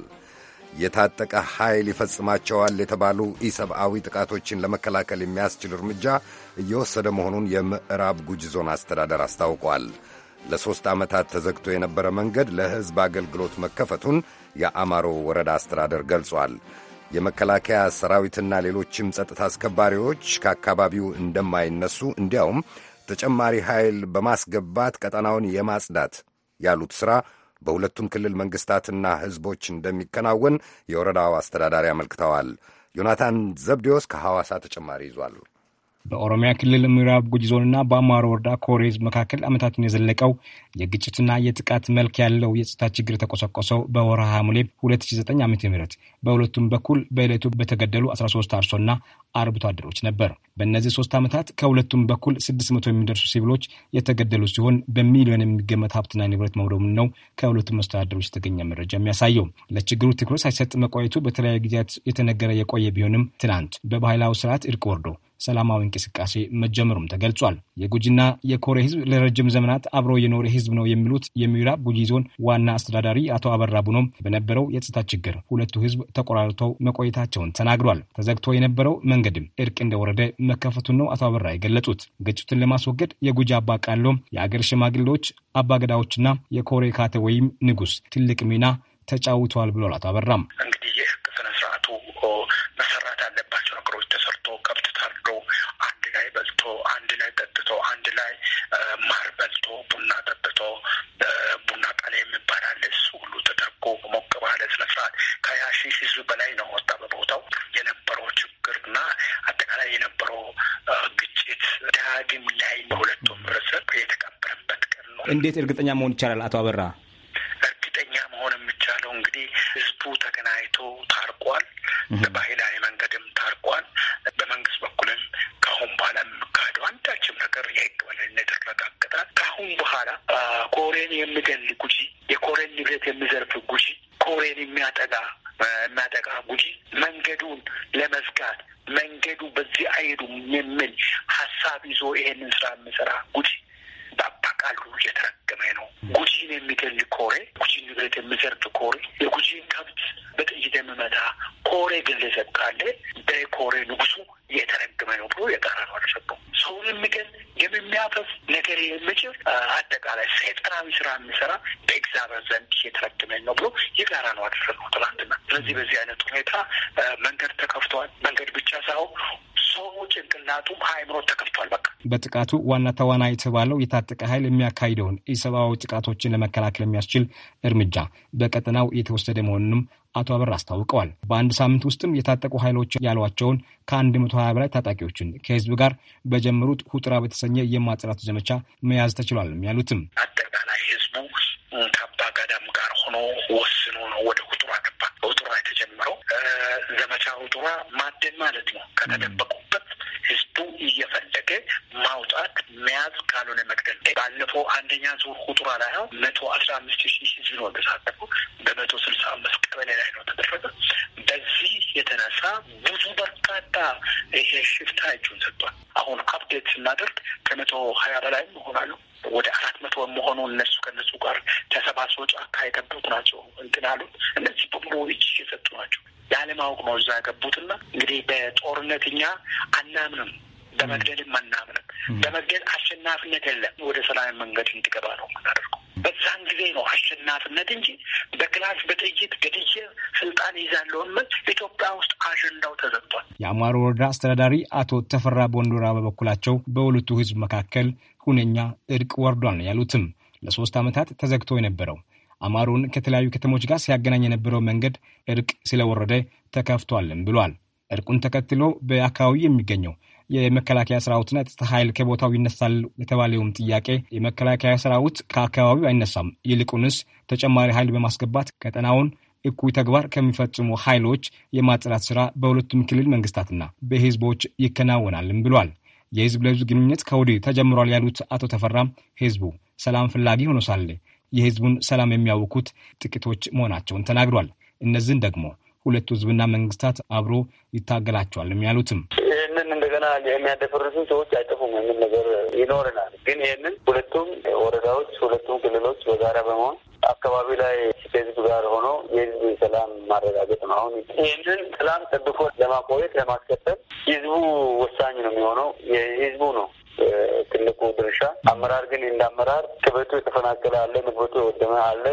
የታጠቀ ኃይል ይፈጽማቸዋል የተባሉ ኢሰብአዊ ጥቃቶችን ለመከላከል የሚያስችል እርምጃ እየወሰደ መሆኑን የምዕራብ ጉጅ ዞን አስተዳደር አስታውቋል። ለሦስት ዓመታት ተዘግቶ የነበረ መንገድ ለሕዝብ አገልግሎት መከፈቱን የአማሮ ወረዳ አስተዳደር ገልጿል። የመከላከያ ሰራዊትና ሌሎችም ጸጥታ አስከባሪዎች ከአካባቢው እንደማይነሱ እንዲያውም ተጨማሪ ኃይል በማስገባት ቀጠናውን የማጽዳት ያሉት ሥራ በሁለቱም ክልል መንግሥታትና ሕዝቦች እንደሚከናወን የወረዳው አስተዳዳሪ አመልክተዋል። ዮናታን ዘብዴዎስ ከሐዋሳ ተጨማሪ ይዟል። በኦሮሚያ ክልል ምዕራብ ጉጂ ዞንና በአማሮ ወረዳ ኮሬዝ መካከል ዓመታትን የዘለቀው የግጭትና የጥቃት መልክ ያለው የጸጥታ ችግር የተቆሰቆሰው በወረሃ ሐምሌ 2009 ዓ ም በሁለቱም በኩል በዕለቱ በተገደሉ 13 አርሶና አርብቶ አደሮች ነበር። በእነዚህ ሶስት ዓመታት ከሁለቱም በኩል 600 የሚደርሱ ሲቪሎች የተገደሉ ሲሆን በሚሊዮን የሚገመት ሀብትና ንብረት መውደሙን ነው ከሁለቱም መስተዳደሮች የተገኘ መረጃ የሚያሳየው። ለችግሩ ትኩረት ሳይሰጥ መቆየቱ በተለያዩ ጊዜያት የተነገረ የቆየ ቢሆንም ትናንት በባህላዊ ስርዓት እርቅ ወርዶ ሰላማዊ እንቅስቃሴ መጀመሩም ተገልጿል። የጉጂና የኮሬ ህዝብ ለረጅም ዘመናት አብሮ የኖረ ህዝብ ነው የሚሉት የሚራ ጉጂ ዞን ዋና አስተዳዳሪ አቶ አበራ ቡኖም በነበረው የጸጥታ ችግር ሁለቱ ህዝብ ተቆራርተው መቆየታቸውን ተናግሯል። ተዘግቶ የነበረው መንገድም እርቅ እንደወረደ መከፈቱን ነው አቶ አበራ የገለጹት። ግጭቱን ለማስወገድ የጉጂ አባ ቃሎም የአገር ሽማግሌዎች አባገዳዎችና የኮሬ ካተ ወይም ንጉስ ትልቅ ሚና ተጫውተዋል ብሏል። አቶ አበራም እንግዲህ ላይ ማር በልቶ ቡና ጠጥቶ ቡና ጣላ የሚባል አለ። እሱ ሁሉ ተደርጎ ሞቅ ባለ ስነስርዓት ከሀያ ሺህ ህዝብ በላይ ነው ወጣ በቦታው የነበረው ችግርና አጠቃላይ የነበረው ግጭት ዳግም ላይ በሁለቱ ህብረተሰብ የተቀበረበት ቀን ነው። እንዴት እርግጠኛ መሆን ይቻላል? አቶ አበራ እርግጠኛ መሆን የሚቻለው እንግዲህ ህዝቡ ተገናኝቶ ታርቋል። በባህላዊ የሚገል ጉጂ፣ የኮሬን ንብረት የሚዘርፍ ጉጂ፣ ኮሬን የሚያጠቃ የሚያጠቃ ጉጂ መንገዱን ለመዝጋት መንገዱ በዚህ አይሄዱም የሚል ሀሳብ ይዞ ይሄንን ስራ የሚሰራ በጋራ ነው አደረገው ትላንትና። ስለዚህ በዚህ አይነት ሁኔታ መንገድ ተከፍቷል። መንገድ ብቻ ሳይሆን ሰው ጭንቅላቱ አእምሮ ተከፍቷል። በቃ በጥቃቱ ዋና ተዋና የተባለው የታጠቀ ኃይል የሚያካሂደውን የሰብአዊ ጥቃቶችን ለመከላከል የሚያስችል እርምጃ በቀጠናው የተወሰደ መሆኑንም አቶ አበር አስታውቀዋል። በአንድ ሳምንት ውስጥም የታጠቁ ኃይሎች ያሏቸውን ከአንድ መቶ ሀያ በላይ ታጣቂዎችን ከህዝብ ጋር በጀመሩት ሁጥራ በተሰኘ የማጽዳቱ ዘመቻ መያዝ ተችሏልም ያሉትም አጠቃላይ ህዝቡ ሆኖ ወስኖ ነው ወደ ውጡሯ ገባ። ውጡሯ የተጀመረው ዘመቻ ውጡሯ ማደን ማለት ነው። ከተደበቁበት ህዝቡ እየፈለገ ማውጣት መያዝ፣ ካልሆነ መግደል። ባለፈው አንደኛ ዙር ውጡሯ ላይ ነው መቶ አስራ አምስት ሺህ ህዝብ ነው ተሳተፉ። በመቶ ስልሳ አምስት ቀበሌ ላይ ነው ተደረገ። በዚህ የተነሳ ብዙ በርካታ ይሄ ሽፍታ እጁን ሰጥቷል። አሁን አፕዴት ስናደርግ ከመቶ ሀያ በላይም ይሆናሉ ወደ አራት መቶ መሆኑ እነሱ ከነሱ ጋር ኳሶ አካ የገቡት ናቸው እንትን አሉት። እነዚህ በሙሉ እጅ የሰጡ ናቸው። ያለማወቅ ነው እዛ የገቡትና እንግዲህ በጦርነት እኛ አናምንም፣ በመግደልም አናምንም። በመግደል አሸናፊነት የለም። ወደ ሰላም መንገድ እንድገባ ነው የምናደርገው። በዛን ጊዜ ነው አሸናፊነት እንጂ በክላስ በጥይት ገድዬ ስልጣን ይዛለውን ምን ኢትዮጵያ ውስጥ አጀንዳው ተዘግቷል። የአማሮ ወረዳ አስተዳዳሪ አቶ ተፈራ ቦንዶራ በበኩላቸው በሁለቱ ህዝብ መካከል ሁነኛ እርቅ ወርዷል ያሉትም ለሶስት ዓመታት ተዘግቶ የነበረው አማሮን ከተለያዩ ከተሞች ጋር ሲያገናኝ የነበረው መንገድ እርቅ ስለወረደ ተከፍቷልም ብሏል። እርቁን ተከትሎ በአካባቢው የሚገኘው የመከላከያ ሰራዊትና የጸጥታ ኃይል ከቦታው ይነሳል የተባለውም ጥያቄ የመከላከያ ሰራዊት ከአካባቢው አይነሳም፣ ይልቁንስ ተጨማሪ ኃይል በማስገባት ቀጠናውን እኩይ ተግባር ከሚፈጽሙ ኃይሎች የማጽዳት ስራ በሁለቱም ክልል መንግስታትና በህዝቦች ይከናወናልም ብሏል። የህዝብ ለህዝብ ግንኙነት ከወዲህ ተጀምሯል ያሉት አቶ ተፈራም ህዝቡ ሰላም ፈላጊ ሆኖ ሳለ የህዝቡን ሰላም የሚያውኩት ጥቂቶች መሆናቸውን ተናግሯል። እነዚህን ደግሞ ሁለቱ ህዝብና መንግስታት አብሮ ይታገላቸዋል የሚያሉትም ይህንን እንደገና የሚያደፈርሱን ሰዎች አይጠፉም የሚል ነገር ይኖረናል። ግን ይህንን ሁለቱም ወረዳዎች ሁለቱም ክልሎች በጋራ በመሆን አካባቢ ላይ ከህዝብ ጋር ሆኖ የህዝብ ሰላም ማረጋገጥ ነው። አሁን ይህንን ሰላም ጠብቆ ለማቆየት ለማስከተል ህዝቡ ወሳኝ ነው የሚሆነው የህዝቡ ነው ትልቁ ድርሻ አመራር ግን እንደ አመራር ክበቱ የተፈናቀለ አለ፣ ንብረቱ የወደመ አለ።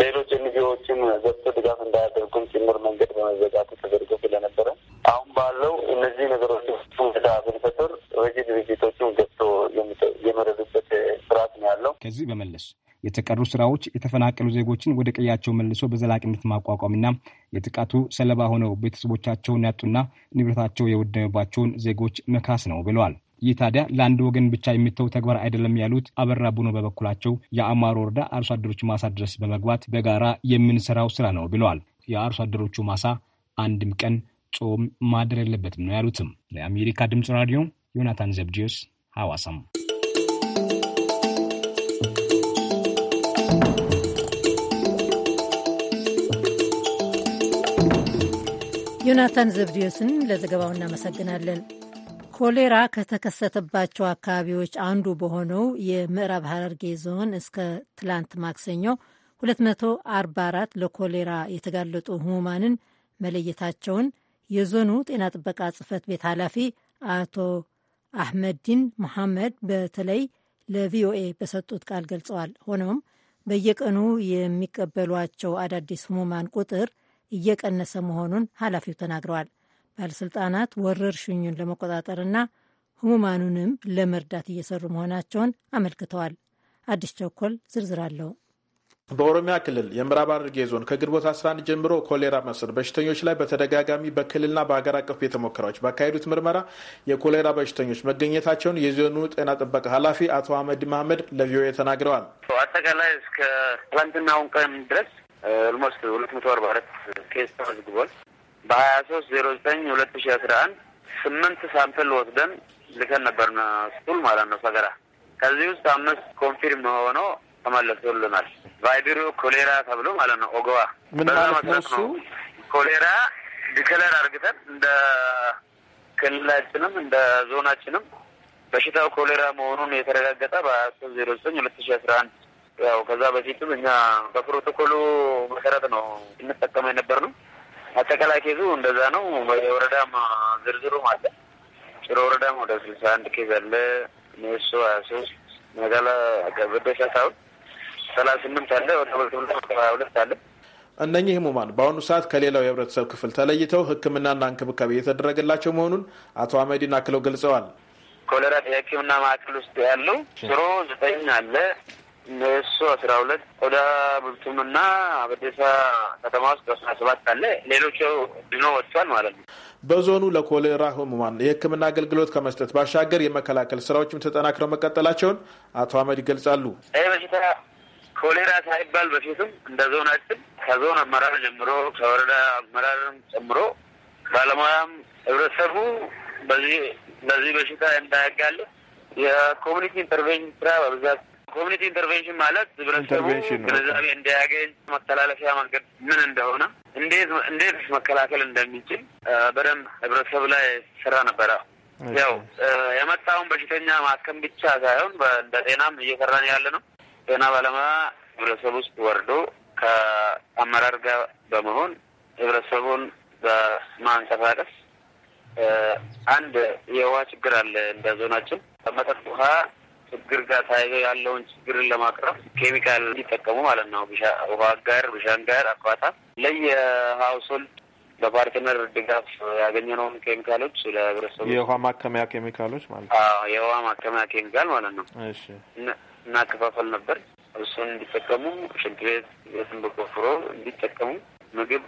ሌሎች ኤንጂኦዎችም ገብቶ ድጋፍ እንዳያደርጉም ጭምር መንገድ በመዘጋቱ ተደርጎ ስለነበረ አሁን ባለው እነዚህ ነገሮች ሁኔታ ብንፈጥር ረጂ ድርጅቶቹም ገብቶ የመረዱበት ስርዓት ነው ያለው። ከዚህ በመለስ የተቀሩ ስራዎች የተፈናቀሉ ዜጎችን ወደ ቀያቸው መልሶ በዘላቂነት ማቋቋምና የጥቃቱ ሰለባ ሆነው ቤተሰቦቻቸውን ያጡና ንብረታቸው የወደመባቸውን ዜጎች መካስ ነው ብለዋል። ይህ ታዲያ ለአንድ ወገን ብቻ የሚተው ተግባር አይደለም ያሉት አበራ ቡኖ በበኩላቸው የአማሮ ወረዳ አርሶ አደሮች ማሳ ድረስ በመግባት በጋራ የምንሰራው ስራ ነው ብለዋል። የአርሶ አደሮቹ ማሳ አንድም ቀን ጾም ማደር የለበትም ነው ያሉትም። ለአሜሪካ ድምፅ ራዲዮ ዮናታን ዘብዲዮስ ሐዋሳም ዮናታን ዘብዲዮስን ለዘገባው እናመሰግናለን። ኮሌራ ከተከሰተባቸው አካባቢዎች አንዱ በሆነው የምዕራብ ሀረርጌ ዞን እስከ ትላንት ማክሰኞ 244 ለኮሌራ የተጋለጡ ህሙማንን መለየታቸውን የዞኑ ጤና ጥበቃ ጽህፈት ቤት ኃላፊ አቶ አህመድዲን መሐመድ በተለይ ለቪኦኤ በሰጡት ቃል ገልጸዋል። ሆኖም በየቀኑ የሚቀበሏቸው አዳዲስ ህሙማን ቁጥር እየቀነሰ መሆኑን ኃላፊው ተናግረዋል። ባለሥልጣናት ወረርሽኙን ለመቆጣጠርና ህሙማኑንም ለመርዳት እየሰሩ መሆናቸውን አመልክተዋል። አዲስ ቸኮል ዝርዝር አለው። በኦሮሚያ ክልል የምዕራብ ሐረርጌ ዞን ከግንቦት 11 ጀምሮ ኮሌራ መሰል በሽተኞች ላይ በተደጋጋሚ በክልልና በሀገር አቀፍ ቤተ ሙከራዎች ባካሄዱት ምርመራ የኮሌራ በሽተኞች መገኘታቸውን የዞኑ ጤና ጥበቃ ኃላፊ አቶ አህመድ መሀመድ ለቪኦኤ ተናግረዋል። አጠቃላይ እስከ ትላንትናውን ቀን ድረስ ኦልሞስት ሁለት መቶ አርባ አራት ኬዝ ተመዝግቧል። በሀያ ሶስት ዜሮ ዘጠኝ ሁለት ሺ አስራ አንድ ስምንት ሳምፕል ወስደን ልከን ነበርን ስኩል ማለት ነው ሰገራ። ከዚህ ውስጥ አምስት ኮንፊርም ሆኖ ተመለሱልናል። ቫይቢሩ ኮሌራ ተብሎ ማለት ነው ኦገዋ። በዛ መሰረት ነው ኮሌራ ዲክለር አድርግተን እንደ ክልላችንም እንደ ዞናችንም በሽታው ኮሌራ መሆኑን የተረጋገጠ በሀያ ሶስት ዜሮ ዘጠኝ ሁለት ሺ አስራ አንድ ያው ከዛ በፊትም እኛ በፕሮቶኮሉ መሰረት ነው እንጠቀመ የነበር ነው አጠቃላይ ኬዙ እንደዛ ነው። የወረዳም ዝርዝሩም አለ። ጭሮ ወረዳም ወደ ስልሳ አንድ ኬዝ አለ። ሜሶ ሀያ ሶስት መጋላ በደሳ ሰላሳ ስምንት አለ። ወደ ሀያ ሁለት አለ። እነኚህ ህሙማን በአሁኑ ሰዓት ከሌላው የህብረተሰብ ክፍል ተለይተው ሕክምናና እንክብካቤ እየተደረገላቸው መሆኑን አቶ አህመዲን አክለው ገልጸዋል። ኮሌራ የህክምና ማዕከል ውስጥ ያለው ጭሮ ዘጠኝ አለ እነሱ አስራ ሁለት ወደ ቡልቱምና አበዴሳ ከተማ ውስጥ በስራ ሰባት አለ። ሌሎቹ ድኖ ወጥቷል ማለት ነው። በዞኑ ለኮሌራ ህሙማን የሕክምና አገልግሎት ከመስጠት ባሻገር የመከላከል ስራዎችም ተጠናክረው መቀጠላቸውን አቶ አህመድ ይገልጻሉ። ይህ በሽታ ኮሌራ ሳይባል በፊትም እንደ ዞናችን ከዞን አመራር ጀምሮ ከወረዳ አመራርም ጨምሮ ባለሙያም ህብረተሰቡ በዚህ በዚህ በሽታ እንዳያጋለ የኮሚኒቲ ኢንተርቬንሽን ስራ በብዛት ኮሚኒቲ ኢንተርቬንሽን ማለት ህብረተሰቡ ግንዛቤ እንዳያገኝ መተላለፊያ መንገድ ምን እንደሆነ እንዴት እንዴት መከላከል እንደሚችል በደንብ ህብረተሰብ ላይ ስራ ነበረ። ያው የመጣውን በሽተኛ ማከም ብቻ ሳይሆን እንደ ጤናም እየሰራን ያለ ነው። ጤና ባለሙያ ህብረተሰብ ውስጥ ወርዶ ከአመራር ጋር በመሆን ህብረተሰቡን በማንቀሳቀስ አንድ የውሃ ችግር አለ እንደ ዞናችን መጠጥ ውሃ ችግር ጋር ታይዞ ያለውን ችግርን ለማቅረብ ኬሚካል እንዲጠቀሙ ማለት ነው። ውሃ ጋር፣ ብሻን ጋር፣ አኳታ ለየ ሀውስሆልድ በፓርትነር ድጋፍ ያገኘነውን ኬሚካሎች ለህብረተሰቡ የውሃ ማከሚያ ኬሚካሎች ማለት ነው። የውሃ ማከሚያ ኬሚካል ማለት ነው። እሺ እናከፋፈል ነበር። እሱን እንዲጠቀሙ ሽንት ቤት ቤትን በቆፍሮ እንዲጠቀሙ ምግብ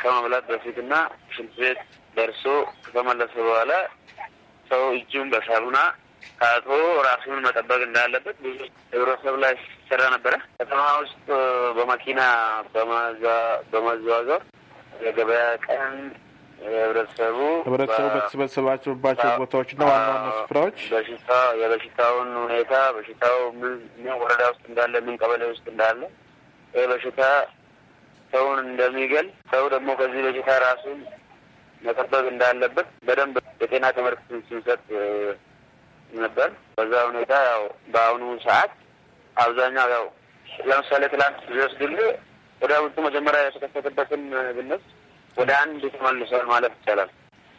ከመብላት በፊትና ሽንት ቤት ደርሶ ከተመለሰ በኋላ ሰው እጁን በሳሙና ታጥቦ ራሱን መጠበቅ እንዳለበት ብዙ ህብረተሰብ ላይ ሲሰራ ነበረ። ከተማ ውስጥ በመኪና በመዘዋወር የገበያ ቀን ህብረተሰቡ ህብረተሰቡ በተሰበሰባቸውባቸው ቦታዎችና ዋና ዋና ስፍራዎች በሽታ የበሽታውን ሁኔታ በሽታው ምን ወረዳ ውስጥ እንዳለ ምን ቀበሌ ውስጥ እንዳለ ይህ በሽታ ሰውን እንደሚገል ሰው ደግሞ ከዚህ በሽታ ራሱን መጠበቅ እንዳለበት በደንብ የጤና ትምህርት ስንሰጥ ነበር። በዛ ሁኔታ ያው በአሁኑ ሰዓት አብዛኛው ያው ለምሳሌ ትላንት ቢወስድልህ ወደ ውጡ መጀመሪያ የተከፈተበትን ብንወስድ ወደ አንድ ተመልሷል ማለት ይቻላል።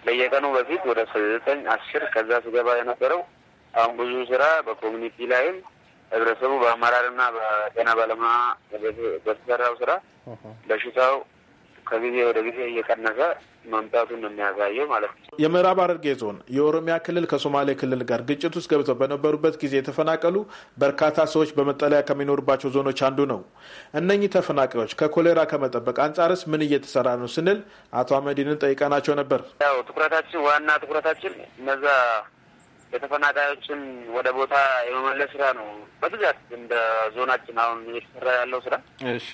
በየቀኑ በፊት ወደ ዘጠኝ አስር ከዛ ስገባ የነበረው አሁን ብዙ ስራ በኮሚኒቲ ላይም ህብረተሰቡ በአመራርና በጤና ባለሙያ በተሰራው ስራ በሽታው ከጊዜ ወደ ጊዜ እየቀነሰ መምጣቱን ነው የሚያሳየው ማለት ነው። የምዕራብ ሐረርጌ ዞን የኦሮሚያ ክልል ከሶማሌ ክልል ጋር ግጭት ውስጥ ገብተው በነበሩበት ጊዜ የተፈናቀሉ በርካታ ሰዎች በመጠለያ ከሚኖሩባቸው ዞኖች አንዱ ነው። እነኚህ ተፈናቃዮች ከኮሌራ ከመጠበቅ አንጻርስ ምን እየተሰራ ነው ስንል አቶ አመዲንን ጠይቀናቸው ነበር። ያው ትኩረታችን ዋና ትኩረታችን እነዛ የተፈናቃዮችን ወደ ቦታ የመመለስ ስራ ነው በብዛት እንደ ዞናችን አሁን እየተሰራ ያለው ስራ። እሺ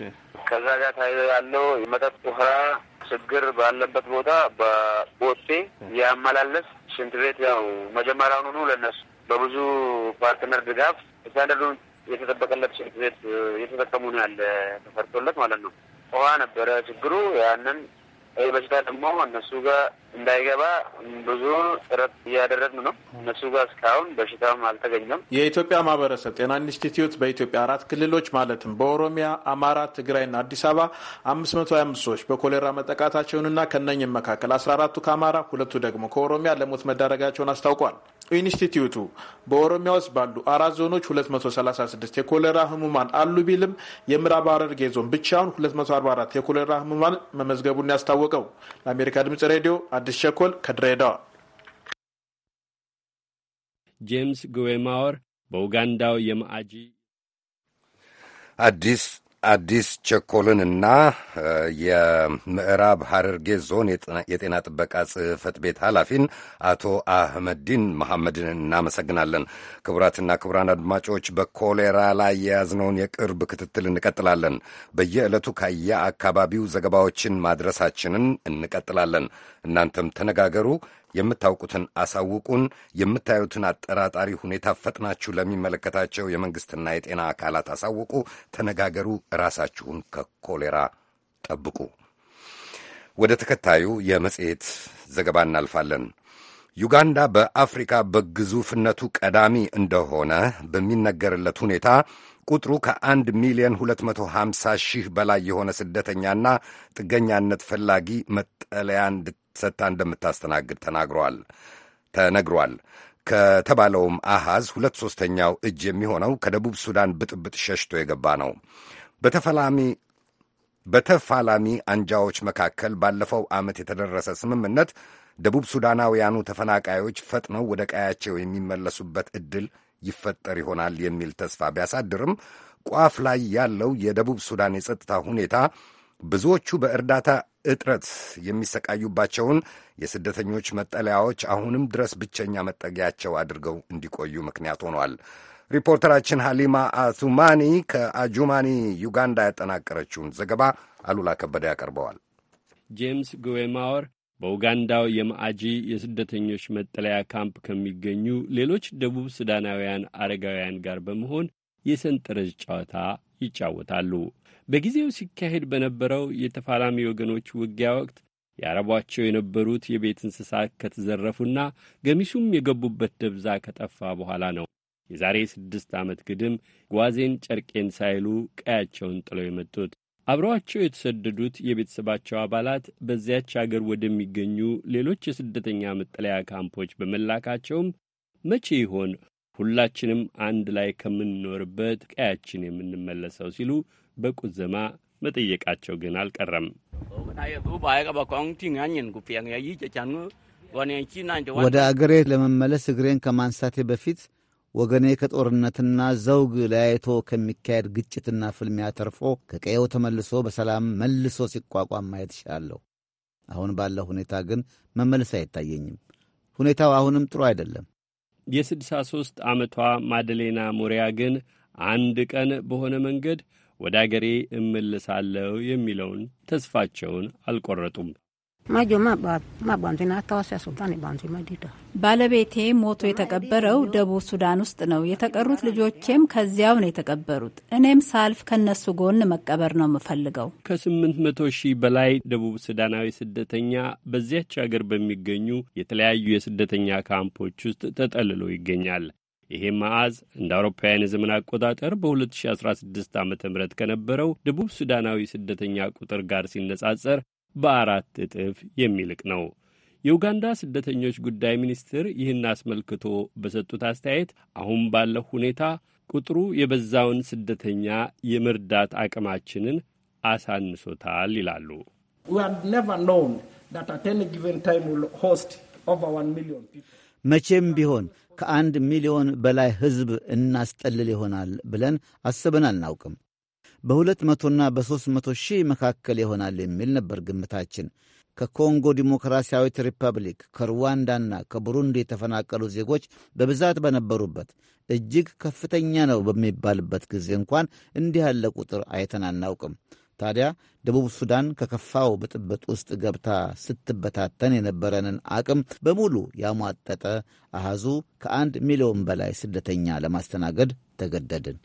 ከዛ ጋር ታይዞ ያለው የመጠጥ ውሃ ችግር ባለበት ቦታ በቦቴ ያመላለስ ሽንት ቤት ያው መጀመሪያውን ሆኑ ለነሱ በብዙ ፓርትነር ድጋፍ ስታንዳርዱን የተጠበቀለት ሽንት ቤት እየተጠቀሙ ነው ያለ ተፈርቶለት ማለት ነው። ውሃ ነበረ ችግሩ ያንን ይህ በሽታ ደግሞ እነሱ ጋር እንዳይገባ ብዙ ጥረት እያደረግን ነው። እነሱ ጋር እስካሁን በሽታም አልተገኘም። የኢትዮጵያ ማህበረሰብ ጤና ኢንስቲትዩት በኢትዮጵያ አራት ክልሎች ማለትም በኦሮሚያ፣ አማራ፣ ትግራይና አዲስ አበባ አምስት መቶ ሀያ አምስት ሰዎች በኮሌራ መጠቃታቸውንና ከነኝም መካከል አስራ አራቱ ከአማራ ሁለቱ ደግሞ ከኦሮሚያ ለሞት መዳረጋቸውን አስታውቋል። ኢንስቲትዩቱ በኦሮሚያ ውስጥ ባሉ አራት ዞኖች 236 የኮሌራ ህሙማን አሉ ቢልም የምዕራብ ሐረርጌ ዞን ብቻውን 244 የኮሌራ ህሙማን መመዝገቡን ያስታወቀው። ለአሜሪካ ድምጽ ሬዲዮ አዲስ ቸኮል ከድሬዳዋ። ጄምስ ጉዌማወር በኡጋንዳው የማአጂ አዲስ አዲስ ቸኮልንና የምዕራብ ሐረርጌ ዞን የጤና ጥበቃ ጽህፈት ቤት ኃላፊን አቶ አህመዲን መሐመድን እናመሰግናለን። ክቡራትና ክቡራን አድማጮች በኮሌራ ላይ የያዝነውን የቅርብ ክትትል እንቀጥላለን። በየዕለቱ ከየአካባቢው ዘገባዎችን ማድረሳችንን እንቀጥላለን። እናንተም ተነጋገሩ። የምታውቁትን አሳውቁን። የምታዩትን አጠራጣሪ ሁኔታ ፈጥናችሁ ለሚመለከታቸው የመንግሥትና የጤና አካላት አሳውቁ። ተነጋገሩ። ራሳችሁን ከኮሌራ ጠብቁ። ወደ ተከታዩ የመጽሔት ዘገባ እናልፋለን። ዩጋንዳ በአፍሪካ በግዙፍነቱ ቀዳሚ እንደሆነ በሚነገርለት ሁኔታ ቁጥሩ ከአንድ ሚሊዮን 250 ሺህ በላይ የሆነ ስደተኛና ጥገኛነት ፈላጊ መጠለያ ሰጥታ እንደምታስተናግድ ተናግሯል ተነግሯል። ከተባለውም አሃዝ ሁለት ሦስተኛው እጅ የሚሆነው ከደቡብ ሱዳን ብጥብጥ ሸሽቶ የገባ ነው። በተፈላሚ በተፋላሚ አንጃዎች መካከል ባለፈው ዓመት የተደረሰ ስምምነት ደቡብ ሱዳናውያኑ ተፈናቃዮች ፈጥነው ወደ ቀያቸው የሚመለሱበት ዕድል ይፈጠር ይሆናል የሚል ተስፋ ቢያሳድርም ቋፍ ላይ ያለው የደቡብ ሱዳን የጸጥታ ሁኔታ ብዙዎቹ በእርዳታ እጥረት የሚሰቃዩባቸውን የስደተኞች መጠለያዎች አሁንም ድረስ ብቸኛ መጠጊያቸው አድርገው እንዲቆዩ ምክንያት ሆኗል። ሪፖርተራችን ሃሊማ አቱማኒ ከአጁማኒ ዩጋንዳ ያጠናቀረችውን ዘገባ አሉላ ከበደ ያቀርበዋል። ጄምስ ጉዌማወር በኡጋንዳው የማአጂ የስደተኞች መጠለያ ካምፕ ከሚገኙ ሌሎች ደቡብ ሱዳናውያን አረጋውያን ጋር በመሆን የሰንጠረዥ ጨዋታ ይጫወታሉ። በጊዜው ሲካሄድ በነበረው የተፋላሚ ወገኖች ውጊያ ወቅት ያረቧቸው የነበሩት የቤት እንስሳት ከተዘረፉና ገሚሱም የገቡበት ደብዛ ከጠፋ በኋላ ነው የዛሬ ስድስት ዓመት ግድም ጓዜን ጨርቄን ሳይሉ ቀያቸውን ጥለው የመጡት። አብረዋቸው የተሰደዱት የቤተሰባቸው አባላት በዚያች አገር ወደሚገኙ ሌሎች የስደተኛ መጠለያ ካምፖች በመላካቸውም መቼ ይሆን ሁላችንም አንድ ላይ ከምንኖርበት ቀያችን የምንመለሰው ሲሉ በቁዘማ መጠየቃቸው ግን አልቀረም። ወደ አገሬ ለመመለስ እግሬን ከማንሳቴ በፊት ወገኔ ከጦርነትና ዘውግ ለያይቶ ከሚካሄድ ግጭትና ፍልሚያ ተርፎ ከቀየው ተመልሶ በሰላም መልሶ ሲቋቋም ማየት ይሻለሁ። አሁን ባለው ሁኔታ ግን መመለስ አይታየኝም። ሁኔታው አሁንም ጥሩ አይደለም። የስድሳ ሦስት ዓመቷ ማደሌና ሞሪያ ግን አንድ ቀን በሆነ መንገድ ወደ አገሬ እመለሳለሁ የሚለውን ተስፋቸውን አልቆረጡም። ባለቤቴ ሞቶ የተቀበረው ደቡብ ሱዳን ውስጥ ነው። የተቀሩት ልጆቼም ከዚያው ነው የተቀበሩት። እኔም ሳልፍ ከነሱ ጎን መቀበር ነው የምፈልገው። ከስምንት መቶ ሺህ በላይ ደቡብ ሱዳናዊ ስደተኛ በዚያች አገር በሚገኙ የተለያዩ የስደተኛ ካምፖች ውስጥ ተጠልሎ ይገኛል። ይሄ መዓዝ እንደ አውሮፓውያን የዘመን አቆጣጠር በ2016 ዓ ም ከነበረው ደቡብ ሱዳናዊ ስደተኛ ቁጥር ጋር ሲነጻጸር በአራት እጥፍ የሚልቅ ነው። የኡጋንዳ ስደተኞች ጉዳይ ሚኒስትር ይህን አስመልክቶ በሰጡት አስተያየት አሁን ባለው ሁኔታ ቁጥሩ የበዛውን ስደተኛ የመርዳት አቅማችንን አሳንሶታል ይላሉ። መቼም ቢሆን ከአንድ ሚሊዮን በላይ ሕዝብ እናስጠልል ይሆናል ብለን አስበን አናውቅም። በሁለት መቶና በሦስት መቶ ሺህ መካከል ይሆናል የሚል ነበር ግምታችን። ከኮንጎ ዲሞክራሲያዊት ሪፐብሊክ ከሩዋንዳና ከቡሩንዲ የተፈናቀሉ ዜጎች በብዛት በነበሩበት እጅግ ከፍተኛ ነው በሚባልበት ጊዜ እንኳን እንዲህ ያለ ቁጥር አይተን አናውቅም። ታዲያ ደቡብ ሱዳን ከከፋው ብጥብጥ ውስጥ ገብታ ስትበታተን የነበረንን አቅም በሙሉ ያሟጠጠ አሃዙ ከአንድ ሚሊዮን በላይ ስደተኛ ለማስተናገድ ተገደድን።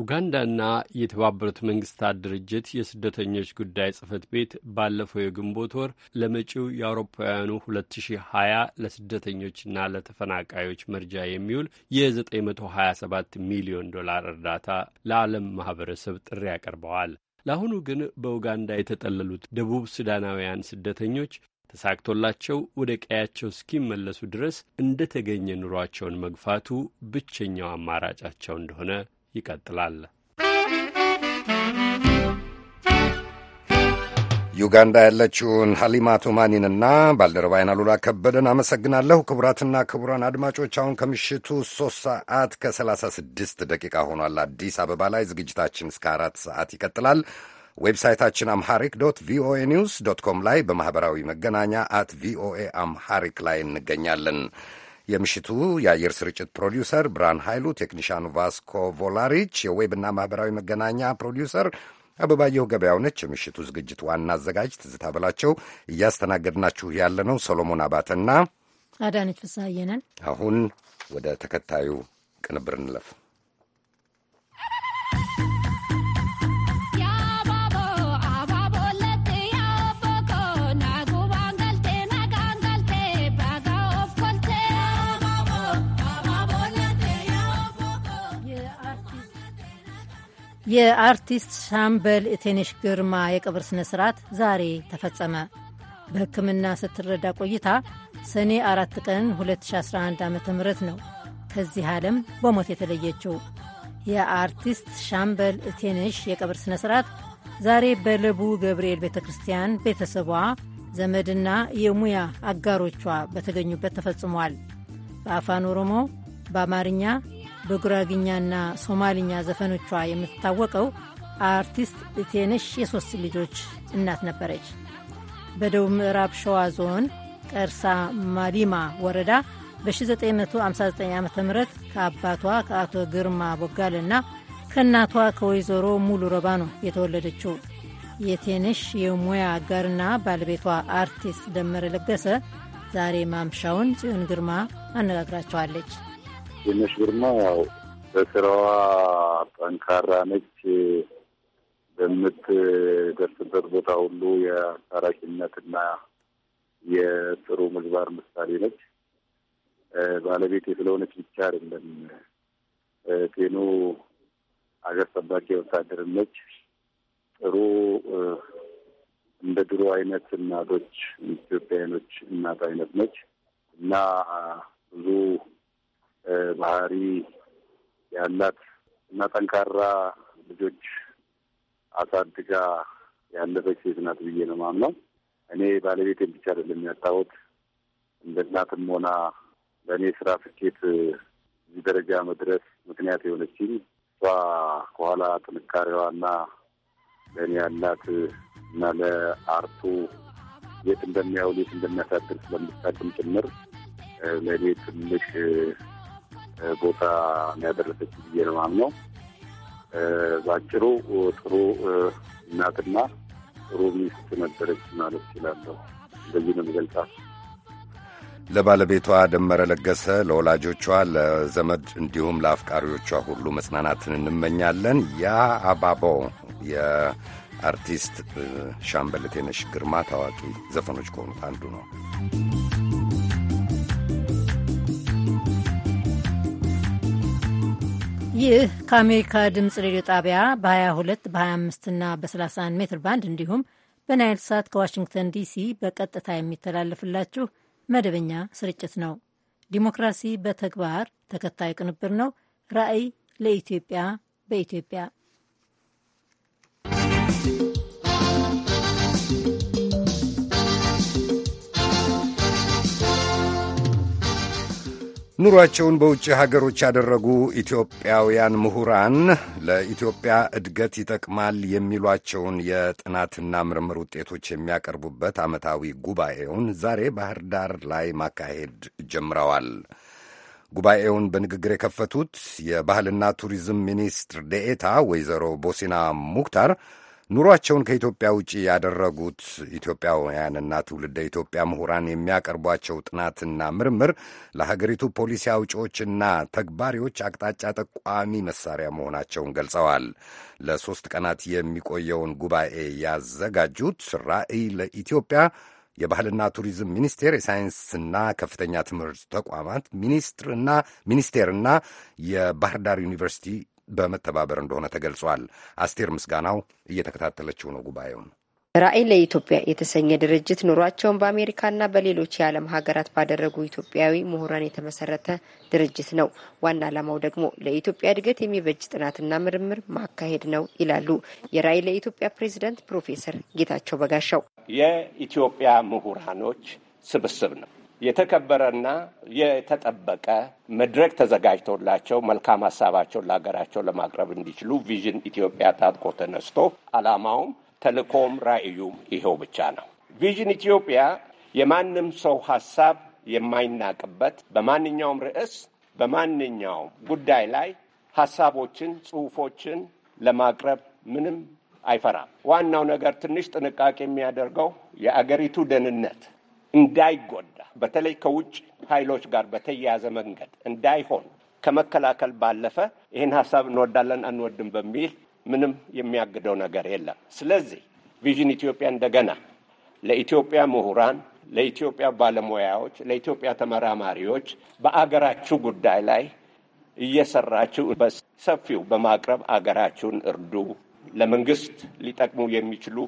ኡጋንዳና የተባበሩት መንግስታት ድርጅት የስደተኞች ጉዳይ ጽህፈት ቤት ባለፈው የግንቦት ወር ለመጪው የአውሮፓውያኑ 2020 ለስደተኞችና ለተፈናቃዮች መርጃ የሚውል የ927 ሚሊዮን ዶላር እርዳታ ለዓለም ማህበረሰብ ጥሪ ያቀርበዋል። ለአሁኑ ግን በኡጋንዳ የተጠለሉት ደቡብ ሱዳናውያን ስደተኞች ተሳክቶላቸው ወደ ቀያቸው እስኪመለሱ ድረስ እንደተገኘ ኑሯቸውን መግፋቱ ብቸኛው አማራጫቸው እንደሆነ ይቀጥላል። ዩጋንዳ ያለችውን ሀሊማ ቱማኒንና ባልደረባይን አሉላ ከበደን አመሰግናለሁ። ክቡራትና ክቡራን አድማጮች አሁን ከምሽቱ ሶስት ሰዓት ከሰላሳ ስድስት ደቂቃ ሆኗል። አዲስ አበባ ላይ ዝግጅታችን እስከ አራት ሰዓት ይቀጥላል። ዌብሳይታችን አምሃሪክ ዶት ቪኦኤ ኒውስ ዶት ኮም ላይ በማኅበራዊ መገናኛ አት ቪኦኤ አምሃሪክ ላይ እንገኛለን። የምሽቱ የአየር ስርጭት ፕሮዲውሰር ብርሃን ኃይሉ፣ ቴክኒሻኑ ቫስኮ ቮላሪች፣ የዌብና ማኅበራዊ መገናኛ ፕሮዲውሰር አበባየሁ ገበያው ነች። የምሽቱ ዝግጅት ዋና አዘጋጅ ትዝታ በላቸው። እያስተናገድናችሁ ያለነው ሰሎሞን አባተና አዳነች ፍስሐዬ ነን። አሁን ወደ ተከታዩ ቅንብር እንለፍ። የአርቲስት ሻምበል እቴነሽ ግርማ የቀብር ስነ ስርዓት ዛሬ ተፈጸመ። በሕክምና ስትረዳ ቆይታ ሰኔ አራት ቀን 2011 ዓ ም ነው ከዚህ ዓለም በሞት የተለየችው። የአርቲስት ሻምበል እቴነሽ የቀብር ስነ ስርዓት ዛሬ በለቡ ገብርኤል ቤተ ክርስቲያን ቤተሰቧ፣ ዘመድና የሙያ አጋሮቿ በተገኙበት ተፈጽሟል። በአፋን ኦሮሞ፣ በአማርኛ በጉራግኛና ሶማሊኛ ዘፈኖቿ የምትታወቀው አርቲስት እቴነሽ የሶስት ልጆች እናት ነበረች። በደቡብ ምዕራብ ሸዋ ዞን ቀርሳ ማዲማ ወረዳ በ1959 ዓ ም ከአባቷ ከአቶ ግርማ ና ከእናቷ ከወይዘሮ ሙሉ ረባ ነው የተወለደችው። የቴንሽ የሙያ አጋርና ባለቤቷ አርቲስት ደመረ ለገሰ ዛሬ ማምሻውን ጽዮን ግርማ አነጋግራቸዋለች። ትንሽ ግርማ ያው በስራዋ ጠንካራ ነች። በምትደርስበት ቦታ ሁሉ የአታራቂነትና የጥሩ ምግባር ምሳሌ ነች። ባለቤት ስለሆነች ብቻ አይደለም ቴኑ አገር ጠባቂ ወታደር ነች። ጥሩ እንደ ድሮ አይነት እናቶች ኢትዮጵያኖች እናት አይነት ነች እና ብዙ ባህሪ ያላት እና ጠንካራ ልጆች አሳድጋ ያለፈች ሴት ናት ብዬ ነው የማምነው። እኔ ባለቤቴን ብቻ አይደለም የሚያጣሁት እንደ እናትም ሆና ለእኔ ስራ ስኬት እዚህ ደረጃ መድረስ ምክንያት የሆነችኝ እሷ ከኋላ ጥንካሬዋና ለእኔ ያላት እና ለአርቱ የት እንደሚያውል የት እንደሚያሳድር ስለምታውቅም ጭምር ለእኔ ትልቅ ቦታ ያደረሰች ብዬ ነው የማምነው። በአጭሩ ጥሩ እናትና ጥሩ ሚስት ነበረች ማለት ይችላለሁ። እንደዚህ ነው የሚገልጻል። ለባለቤቷ ደመረ ለገሰ፣ ለወላጆቿ፣ ለዘመድ እንዲሁም ለአፍቃሪዎቿ ሁሉ መጽናናትን እንመኛለን። ያ አባቦ የአርቲስት ሻምበል ቴነሽ ግርማ ታዋቂ ዘፈኖች ከሆኑት አንዱ ነው። ይህ ከአሜሪካ ድምፅ ሬዲዮ ጣቢያ በ22 በ25 እና በ31 ሜትር ባንድ እንዲሁም በናይል ሳት ከዋሽንግተን ዲሲ በቀጥታ የሚተላለፍላችሁ መደበኛ ስርጭት ነው። ዲሞክራሲ በተግባር ተከታይ ቅንብር ነው። ራዕይ ለኢትዮጵያ በኢትዮጵያ ኑሯቸውን በውጭ ሀገሮች ያደረጉ ኢትዮጵያውያን ምሁራን ለኢትዮጵያ እድገት ይጠቅማል የሚሏቸውን የጥናትና ምርምር ውጤቶች የሚያቀርቡበት ዓመታዊ ጉባኤውን ዛሬ ባህር ዳር ላይ ማካሄድ ጀምረዋል። ጉባኤውን በንግግር የከፈቱት የባህልና ቱሪዝም ሚኒስትር ደኤታ ወይዘሮ ቦሲና ሙክታር ኑሯቸውን ከኢትዮጵያ ውጪ ያደረጉት ኢትዮጵያውያንና ትውልደ ኢትዮጵያ ምሁራን የሚያቀርቧቸው ጥናትና ምርምር ለሀገሪቱ ፖሊሲ አውጪዎችና ተግባሪዎች አቅጣጫ ጠቋሚ መሳሪያ መሆናቸውን ገልጸዋል። ለሦስት ቀናት የሚቆየውን ጉባኤ ያዘጋጁት ራዕይ ለኢትዮጵያ የባህልና ቱሪዝም ሚኒስቴር የሳይንስና ከፍተኛ ትምህርት ተቋማት ሚኒስትርና ሚኒስቴርና የባህር ዳር ዩኒቨርሲቲ በመተባበር እንደሆነ ተገልጿል። አስቴር ምስጋናው እየተከታተለችው ነው ጉባኤውን። ራዕይ ለኢትዮጵያ የተሰኘ ድርጅት ኑሯቸውን በአሜሪካና በሌሎች የዓለም ሀገራት ባደረጉ ኢትዮጵያዊ ምሁራን የተመሰረተ ድርጅት ነው። ዋና ዓላማው ደግሞ ለኢትዮጵያ እድገት የሚበጅ ጥናትና ምርምር ማካሄድ ነው ይላሉ የራዕይ ለኢትዮጵያ ፕሬዚደንት ፕሮፌሰር ጌታቸው በጋሻው። የኢትዮጵያ ምሁራኖች ስብስብ ነው። የተከበረና የተጠበቀ መድረክ ተዘጋጅቶላቸው መልካም ሀሳባቸውን ለሀገራቸው ለማቅረብ እንዲችሉ ቪዥን ኢትዮጵያ ታጥቆ ተነስቶ አላማውም ተልእኮም ራዕዩም ይኸው ብቻ ነው። ቪዥን ኢትዮጵያ የማንም ሰው ሀሳብ የማይናቅበት በማንኛውም ርዕስ በማንኛውም ጉዳይ ላይ ሀሳቦችን፣ ጽሁፎችን ለማቅረብ ምንም አይፈራም። ዋናው ነገር ትንሽ ጥንቃቄ የሚያደርገው የአገሪቱ ደህንነት እንዳይጎዳ በተለይ ከውጭ ኃይሎች ጋር በተያያዘ መንገድ እንዳይሆን ከመከላከል ባለፈ ይህን ሀሳብ እንወዳለን አንወድም በሚል ምንም የሚያግደው ነገር የለም። ስለዚህ ቪዥን ኢትዮጵያ እንደገና ለኢትዮጵያ ምሁራን፣ ለኢትዮጵያ ባለሙያዎች፣ ለኢትዮጵያ ተመራማሪዎች በአገራችሁ ጉዳይ ላይ እየሰራችሁ በሰፊው በማቅረብ አገራችሁን እርዱ። ለመንግስት ሊጠቅሙ የሚችሉ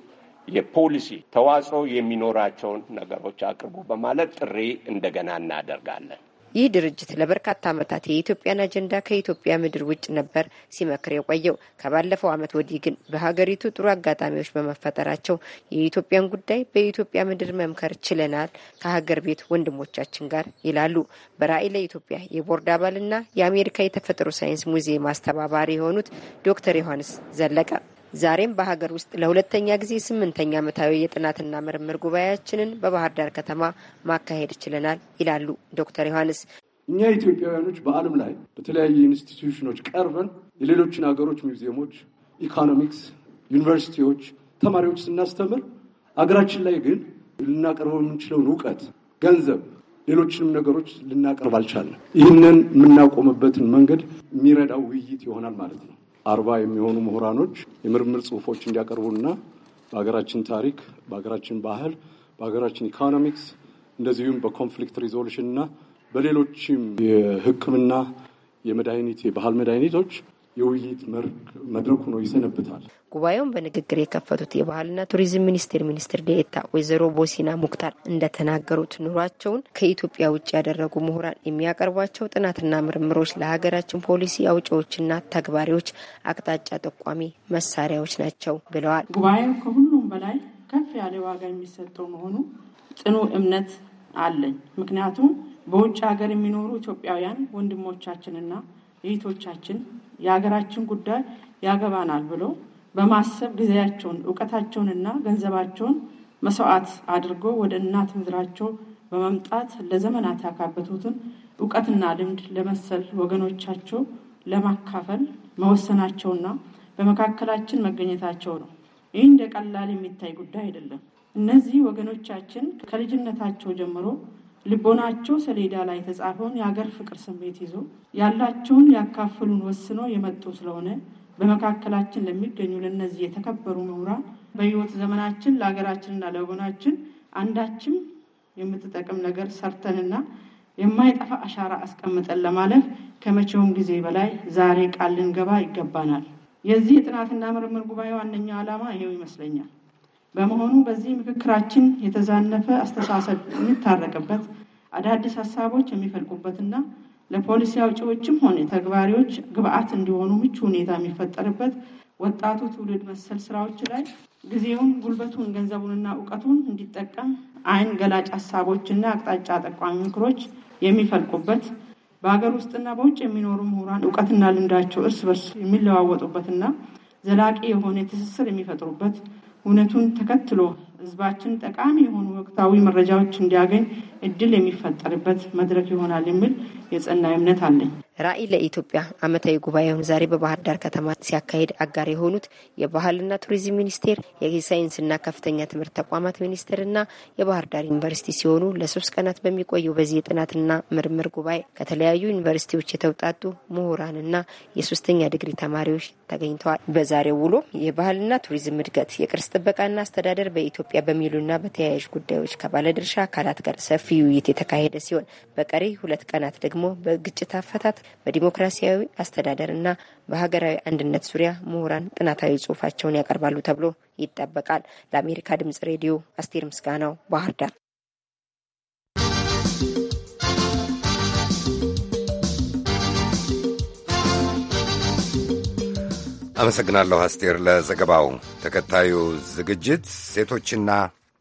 የፖሊሲ ተዋጽኦ የሚኖራቸውን ነገሮች አቅርቡ በማለት ጥሪ እንደገና እናደርጋለን። ይህ ድርጅት ለበርካታ ዓመታት የኢትዮጵያን አጀንዳ ከኢትዮጵያ ምድር ውጭ ነበር ሲመክር የቆየው። ከባለፈው ዓመት ወዲህ ግን በሀገሪቱ ጥሩ አጋጣሚዎች በመፈጠራቸው የኢትዮጵያን ጉዳይ በኢትዮጵያ ምድር መምከር ችለናል ከሀገር ቤት ወንድሞቻችን ጋር ይላሉ። በራዕይ ለኢትዮጵያ የቦርድ አባልና የአሜሪካ የተፈጥሮ ሳይንስ ሙዚየም አስተባባሪ የሆኑት ዶክተር ዮሐንስ ዘለቀ ዛሬም በሀገር ውስጥ ለሁለተኛ ጊዜ ስምንተኛ ዓመታዊ የጥናትና ምርምር ጉባኤያችንን በባህር ዳር ከተማ ማካሄድ ችለናል ይላሉ ዶክተር ዮሐንስ። እኛ ኢትዮጵያውያኖች በዓለም ላይ በተለያዩ ኢንስቲትዩሽኖች ቀርበን የሌሎችን ሀገሮች ሙዚየሞች ኢኮኖሚክስ፣ ዩኒቨርሲቲዎች ተማሪዎች ስናስተምር አገራችን ላይ ግን ልናቀርበው የምንችለውን እውቀት፣ ገንዘብ፣ ሌሎችንም ነገሮች ልናቀርብ አልቻለም። ይህንን የምናቆምበትን መንገድ የሚረዳው ውይይት ይሆናል ማለት ነው። አርባ የሚሆኑ ምሁራኖች የምርምር ጽሁፎች እንዲያቀርቡና በሀገራችን ታሪክ፣ በሀገራችን ባህል፣ በሀገራችን ኢኮኖሚክስ እንደዚሁም በኮንፍሊክት ሪዞሉሽን እና በሌሎችም የሕክምና የመድኃኒት የባህል መድኃኒቶች የውይይት መድረክ ሆኖ ይሰነብታል። ጉባኤውን በንግግር የከፈቱት የባህልና ቱሪዝም ሚኒስቴር ሚኒስትር ዴኤታ ወይዘሮ ቦሲና ሙክታር እንደተናገሩት ኑሯቸውን ከኢትዮጵያ ውጭ ያደረጉ ምሁራን የሚያቀርቧቸው ጥናትና ምርምሮች ለሀገራችን ፖሊሲ አውጪዎችና ተግባሪዎች አቅጣጫ ጠቋሚ መሳሪያዎች ናቸው ብለዋል። ጉባኤው ከሁሉም በላይ ከፍ ያለ ዋጋ የሚሰጠው መሆኑ ጽኑ እምነት አለኝ። ምክንያቱም በውጭ ሀገር የሚኖሩ ኢትዮጵያውያን ወንድሞቻችንና እህቶቻችን የሀገራችን ጉዳይ ያገባናል ብሎ በማሰብ ጊዜያቸውን እውቀታቸውንና ገንዘባቸውን መስዋዕት አድርጎ ወደ እናት ምድራቸው በመምጣት ለዘመናት ያካበቱትን እውቀትና ልምድ ለመሰል ወገኖቻቸው ለማካፈል መወሰናቸውና በመካከላችን መገኘታቸው ነው። ይህ እንደ ቀላል የሚታይ ጉዳይ አይደለም። እነዚህ ወገኖቻችን ከልጅነታቸው ጀምሮ ልቦናቸው ሰሌዳ ላይ የተጻፈውን የሀገር ፍቅር ስሜት ይዞ ያላቸውን ሊያካፍሉን ወስኖ የመጡ ስለሆነ በመካከላችን ለሚገኙ ለእነዚህ የተከበሩ ምሁራን በሕይወት ዘመናችን ለሀገራችንና ለወገናችን አንዳችም የምትጠቅም ነገር ሰርተንና የማይጠፋ አሻራ አስቀምጠን ለማለፍ ከመቼውም ጊዜ በላይ ዛሬ ቃል ልንገባ ይገባናል። የዚህ የጥናትና ምርምር ጉባኤ ዋነኛው ዓላማ ይሄው ይመስለኛል። በመሆኑ በዚህ ምክክራችን የተዛነፈ አስተሳሰብ የሚታረቅበት አዳዲስ ሀሳቦች የሚፈልቁበትና ለፖሊሲ አውጪዎችም ሆነ ተግባሪዎች ግብአት እንዲሆኑ ምቹ ሁኔታ የሚፈጠርበት ወጣቱ ትውልድ መሰል ስራዎች ላይ ጊዜውን፣ ጉልበቱን፣ ገንዘቡንና እውቀቱን እንዲጠቀም አይን ገላጭ ሀሳቦችና አቅጣጫ ጠቋሚ ምክሮች የሚፈልቁበት በሀገር ውስጥና በውጭ የሚኖሩ ምሁራን እውቀትና ልምዳቸው እርስ በርስ የሚለዋወጡበትና ዘላቂ የሆነ ትስስር የሚፈጥሩበት እውነቱን ተከትሎ ህዝባችን ጠቃሚ የሆኑ ወቅታዊ መረጃዎች እንዲያገኝ እድል የሚፈጠርበት መድረክ ይሆናል የሚል የጸና እምነት አለኝ። ራዕይ ለኢትዮጵያ ዓመታዊ ጉባኤውን ዛሬ በባህር ዳር ከተማ ሲያካሄድ አጋር የሆኑት የባህልና ቱሪዝም ሚኒስቴር፣ የሳይንስና ከፍተኛ ትምህርት ተቋማት ሚኒስቴርና የባህር ዳር ዩኒቨርሲቲ ሲሆኑ ለሶስት ቀናት በሚቆየው በዚህ የጥናትና ምርምር ጉባኤ ከተለያዩ ዩኒቨርሲቲዎች የተውጣጡ ምሁራንና የሶስተኛ ዲግሪ ተማሪዎች ተገኝተዋል። በዛሬው ውሎ የባህልና ቱሪዝም እድገት፣ የቅርስ ጥበቃና አስተዳደር በኢትዮጵያ በሚሉና በተያያዥ ጉዳዮች ከባለድርሻ አካላት ጋር ሰፊ ውይይት የተካሄደ ሲሆን በቀሪ ሁለት ቀናት ደግሞ በግጭት አፈታት በዲሞክራሲያዊ አስተዳደርና በሀገራዊ አንድነት ዙሪያ ምሁራን ጥናታዊ ጽሑፋቸውን ያቀርባሉ ተብሎ ይጠበቃል። ለአሜሪካ ድምጽ ሬዲዮ አስቴር ምስጋናው ባህር ዳር። አመሰግናለሁ አስቴር ለዘገባው። ተከታዩ ዝግጅት ሴቶችና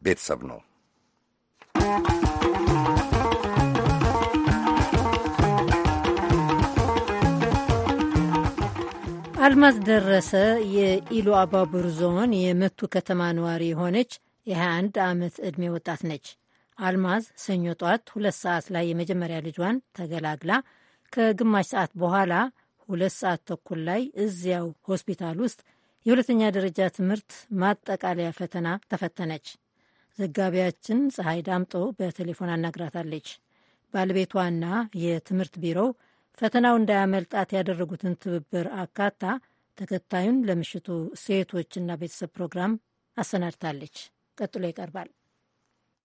ቤተሰብ ነው። አልማዝ ደረሰ የኢሉ አባቡር ዞን የመቱ ከተማ ነዋሪ የሆነች የ21 ዓመት ዕድሜ ወጣት ነች። አልማዝ ሰኞ ጠዋት ሁለት ሰዓት ላይ የመጀመሪያ ልጇን ተገላግላ ከግማሽ ሰዓት በኋላ ሁለት ሰዓት ተኩል ላይ እዚያው ሆስፒታል ውስጥ የሁለተኛ ደረጃ ትምህርት ማጠቃለያ ፈተና ተፈተነች። ዘጋቢያችን ፀሐይ ዳምጦ በቴሌፎን አናግራታለች። ባለቤቷና የትምህርት ቢሮው ፈተናው እንዳያመልጣት ያደረጉትን ትብብር አካታ ተከታዩን ለምሽቱ ሴቶችና ቤተሰብ ፕሮግራም አሰናድታለች። ቀጥሎ ይቀርባል።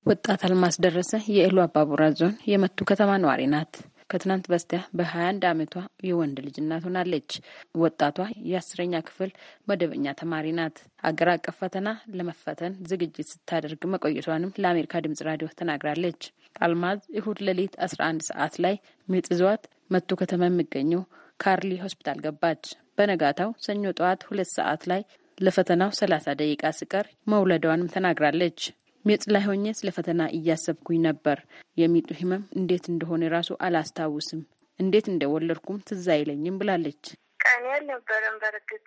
ወጣት አልማስ ደረሰ የእሉ አባቡራ ዞን የመቱ ከተማ ነዋሪ ናት። ከትናንት በስቲያ በ21 ዓመቷ የወንድ ልጅ እናት ሆናለች። ወጣቷ የአስረኛ ክፍል መደበኛ ተማሪ ናት። አገር አቀፍ ፈተና ለመፈተን ዝግጅት ስታደርግ መቆየቷንም ለአሜሪካ ድምጽ ራዲዮ ተናግራለች። አልማዝ እሁድ ሌሊት 11 ሰዓት ላይ ምጥ ይዟት መቱ ከተማ የሚገኘው ካርሊ ሆስፒታል ገባች። በነጋታው ሰኞ ጠዋት ሁለት ሰዓት ላይ ለፈተናው 30 ደቂቃ ሲቀር መውለዷንም ተናግራለች። ምጥ ላይ ሆኜ ስለ ፈተና እያሰብኩኝ ነበር። የሚጡ ህመም እንዴት እንደሆነ ራሱ አላስታውስም፣ እንዴት እንደወለድኩም ትዝ አይለኝም ብላለች። ቀኔ አልነበረም። በእርግጥ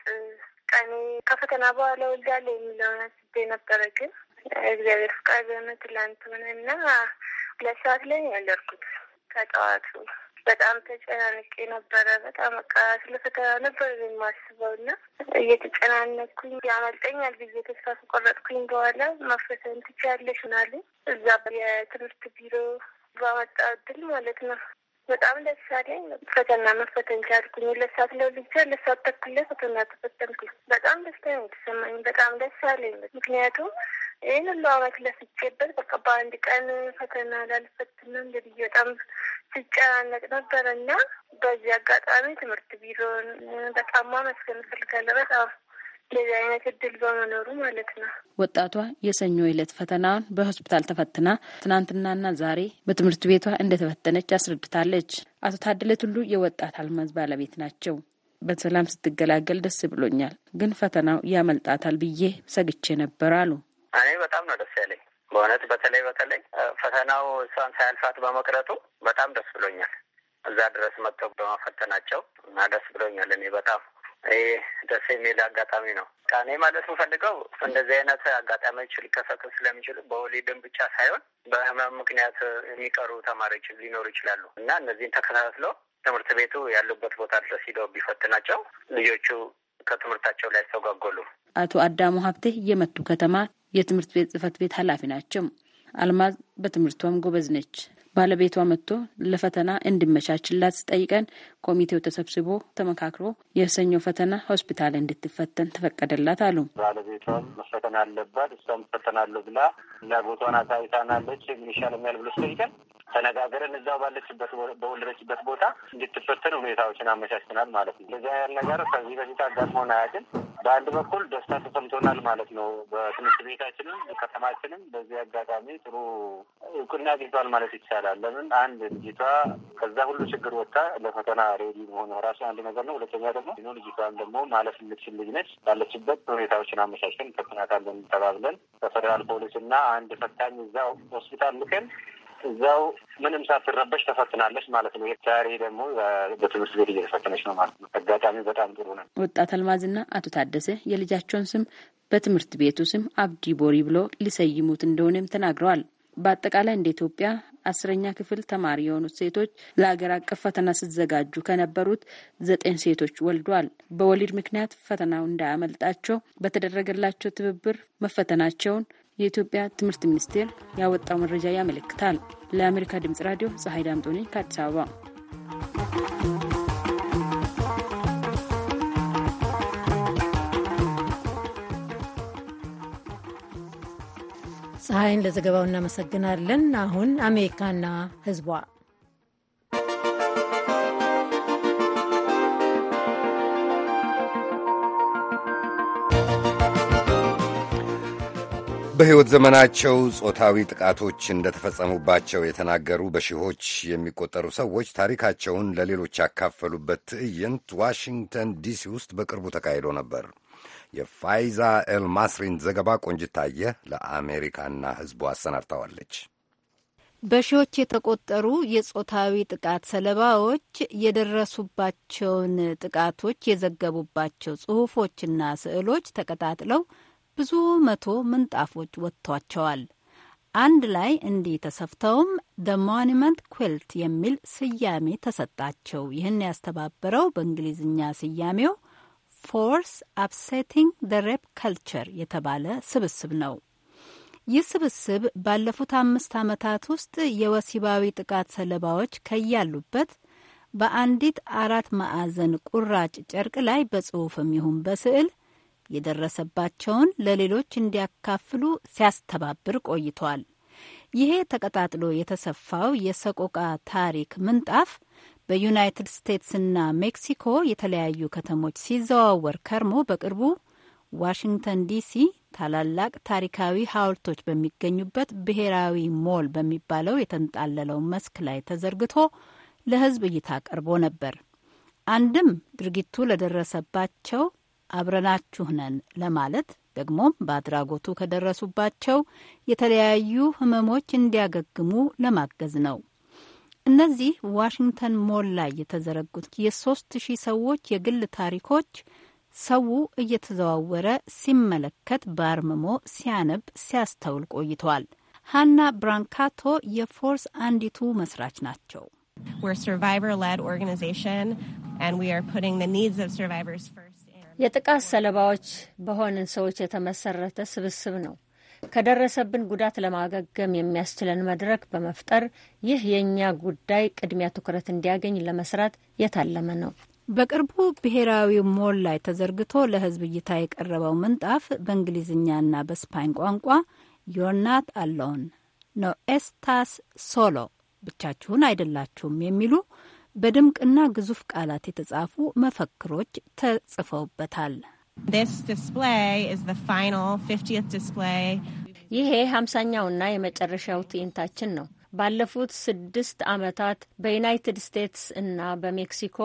ቀኔ ከፈተና በኋላ ወልዳለ የሚለውን ስቤ ነበረ፣ ግን እግዚአብሔር ፍቃድ ሆነ ትላንት ሆነ እና ሁለት ሰዓት ላይ ነው ከጠዋቱ በጣም ተጨናንቄ ነበረ። በጣም በቃ ስለ ፈተና ነበር የማስበው እና እየተጨናነኩኝ ያመልጠኛል ጊዜ ተስፋ ከቆረጥኩኝ በኋላ መፈተን ትችያለሽ ምናምን እዛ የትምህርት ቢሮ ባመጣ እድል ማለት ነው በጣም ደስ አለኝ። ፈተና መፈተን ቻልኩኝ። ለሳት ሰዓት ለብቻ ሁለት ሰዓት ፈተና ተፈተንኩ። በጣም ደስታ የተሰማኝ በጣም ደስ አለኝ። ምክንያቱም ይህን ሁሉ አመት ለፍቼበት በቃ በአንድ ቀን ፈተና ላልፈትና እንደዚህ በጣም ስጨናነቅ ነበረ እና በዚህ አጋጣሚ ትምህርት ቢሮን በጣም ማመስገን እፈልጋለሁ በጣም እንደዚህ አይነት እድል በመኖሩ ማለት ነው። ወጣቷ የሰኞ ዕለት ፈተናዋን በሆስፒታል ተፈትና ትናንትናና ዛሬ በትምህርት ቤቷ እንደተፈተነች አስረድታለች። አቶ ታደለ ቱሉ የወጣት አልማዝ ባለቤት ናቸው። በሰላም ስትገላገል ደስ ብሎኛል፣ ግን ፈተናው ያመልጣታል ብዬ ሰግቼ ነበር አሉ። እኔ በጣም ነው ደስ ያለኝ በእውነት በተለይ በተለይ ፈተናው እሷን ሳያልፋት በመቅረቱ በጣም ደስ ብሎኛል። እዛ ድረስ መጥተው በመፈተናቸው እና ደስ ብሎኛል እኔ በጣም ይህ ደስ የሚል አጋጣሚ ነው። እኔ ማለት የምፈልገው እንደዚህ አይነት አጋጣሚዎች ሊከሰቱ ስለሚችሉ በወሊድም ብቻ ሳይሆን በህመም ምክንያት የሚቀሩ ተማሪዎች ሊኖሩ ይችላሉ እና እነዚህን ተከታትሎ ትምህርት ቤቱ ያሉበት ቦታ ድረስ ሂደው ቢፈትናቸው ልጆቹ ከትምህርታቸው ላይ ያስተጓጎሉ። አቶ አዳሙ ሀብቴ የመቱ ከተማ የትምህርት ቤት ጽህፈት ቤት ኃላፊ ናቸው። አልማዝ በትምህርቷም ጎበዝ ነች። ባለቤቷ መጥቶ ለፈተና እንድመቻችላት ስጠይቀን ኮሚቴው ተሰብስቦ ተመካክሮ የሰኞ ፈተና ሆስፒታል እንድትፈተን ተፈቀደላት አሉ። ባለቤቷም መፈተን አለባት እሷም ፈተናለሁ ብላ ፍላጎቷን አሳይታናለች። የሚያል ብሎ ስጠይቀን ተነጋገረን እዛው ባለችበት በወለደችበት ቦታ እንድትፈተን ሁኔታዎችን አመቻችተናል ማለት ነው። እንደዚህ አይነት ነገር ከዚህ በፊት አጋጥሞን አያውቅም። በአንድ በኩል ደስታ ተሰምቶናል ማለት ነው። በትምህርት ቤታችንም ከተማችንም በዚህ አጋጣሚ ጥሩ እውቅና አግኝቷል ማለት ይቻላል። ለምን አንድ ልጅቷ ከዛ ሁሉ ችግር ወጥታ ለፈተና ሬዲ መሆኑ ራሱ አንድ ነገር ነው። ሁለተኛ ደግሞ ኖ ልጅቷን ደግሞ ማለፍ የምትችል ልጅ ነች። ባለችበት ሁኔታዎችን አመቻችተን ፈተናታለን ተባብለን ከፌዴራል ፖሊስ እና አንድ ፈታኝ እዛው ሆስፒታል ልከን እዛው ምንም ሳትረበሽ ተፈትናለች ማለት ነው። ዛሬ ደግሞ በትምህርት ቤት እየተፈተነች ነው ማለት ነው። አጋጣሚ በጣም ጥሩ ነው። ወጣት አልማዝና አቶ ታደሰ የልጃቸውን ስም በትምህርት ቤቱ ስም አብዲ ቦሪ ብሎ ሊሰይሙት እንደሆነም ተናግረዋል። በአጠቃላይ እንደ ኢትዮጵያ አስረኛ ክፍል ተማሪ የሆኑት ሴቶች ለሀገር አቀፍ ፈተና ስዘጋጁ ከነበሩት ዘጠኝ ሴቶች ወልደዋል። በወሊድ ምክንያት ፈተናው እንዳያመልጣቸው በተደረገላቸው ትብብር መፈተናቸውን የኢትዮጵያ ትምህርት ሚኒስቴር ያወጣው መረጃ ያመለክታል። ለአሜሪካ ድምጽ ራዲዮ ፀሐይ ዳምጦ ነኝ ከአዲስ አበባ። ፀሐይን ለዘገባው እናመሰግናለን። አሁን አሜሪካና ህዝቧ በሕይወት ዘመናቸው ጾታዊ ጥቃቶች እንደተፈጸሙባቸው የተናገሩ በሺዎች የሚቆጠሩ ሰዎች ታሪካቸውን ለሌሎች ያካፈሉበት ትዕይንት ዋሽንግተን ዲሲ ውስጥ በቅርቡ ተካሂዶ ነበር። የፋይዛ ኤል ማስሪን ዘገባ ቆንጅታየ ለአሜሪካና ሕዝቡ አሰናድተዋለች። በሺዎች የተቆጠሩ የጾታዊ ጥቃት ሰለባዎች የደረሱባቸውን ጥቃቶች የዘገቡባቸው ጽሑፎችና ስዕሎች ተቀጣጥለው ብዙ መቶ ምንጣፎች ወጥቷቸዋል። አንድ ላይ እንዲህ ተሰፍተውም ደ ሞኒመንት ኩልት የሚል ስያሜ ተሰጣቸው። ይህን ያስተባበረው በእንግሊዝኛ ስያሜው ፎርስ አፕሴቲንግ ደ ሬፕ ካልቸር የተባለ ስብስብ ነው። ይህ ስብስብ ባለፉት አምስት ዓመታት ውስጥ የወሲባዊ ጥቃት ሰለባዎች ከያሉበት በአንዲት አራት ማዕዘን ቁራጭ ጨርቅ ላይ በጽሑፍም ይሁን በስዕል የደረሰባቸውን ለሌሎች እንዲያካፍሉ ሲያስተባብር ቆይቷል። ይሄ ተቀጣጥሎ የተሰፋው የሰቆቃ ታሪክ ምንጣፍ በዩናይትድ ስቴትስና ሜክሲኮ የተለያዩ ከተሞች ሲዘዋወር ከርሞ በቅርቡ ዋሽንግተን ዲሲ ታላላቅ ታሪካዊ ሐውልቶች በሚገኙበት ብሔራዊ ሞል በሚባለው የተንጣለለው መስክ ላይ ተዘርግቶ ለሕዝብ እይታ ቀርቦ ነበር። አንድም ድርጊቱ ለደረሰባቸው አብረናችሁ ነን ለማለት ደግሞም በአድራጎቱ ከደረሱባቸው የተለያዩ ህመሞች እንዲያገግሙ ለማገዝ ነው። እነዚህ ዋሽንግተን ሞል ላይ የተዘረጉት የሶስት ሺህ ሰዎች የግል ታሪኮች ሰው እየተዘዋወረ ሲመለከት በአርምሞ ሲያነብ ሲያስተውል ቆይቷል። ሃና ብራንካቶ የፎርስ አንዲቱ መስራች ናቸው። We're survivor-led organization and we are putting the needs of survivors first. የጥቃት ሰለባዎች በሆንን ሰዎች የተመሰረተ ስብስብ ነው። ከደረሰብን ጉዳት ለማገገም የሚያስችለን መድረክ በመፍጠር ይህ የእኛ ጉዳይ ቅድሚያ ትኩረት እንዲያገኝ ለመስራት የታለመ ነው። በቅርቡ ብሔራዊ ሞል ላይ ተዘርግቶ ለሕዝብ እይታ የቀረበው ምንጣፍ በእንግሊዝኛና በስፓኝ ቋንቋ ዮርናት አለውን ኖ ኤስታስ ሶሎ ብቻችሁን አይደላችሁም የሚሉ በድምቅና ግዙፍ ቃላት የተጻፉ መፈክሮች ተጽፈውበታል። ይሄ ሀምሳኛውና የመጨረሻው ትዕይንታችን ነው። ባለፉት ስድስት ዓመታት በዩናይትድ ስቴትስ እና በሜክሲኮ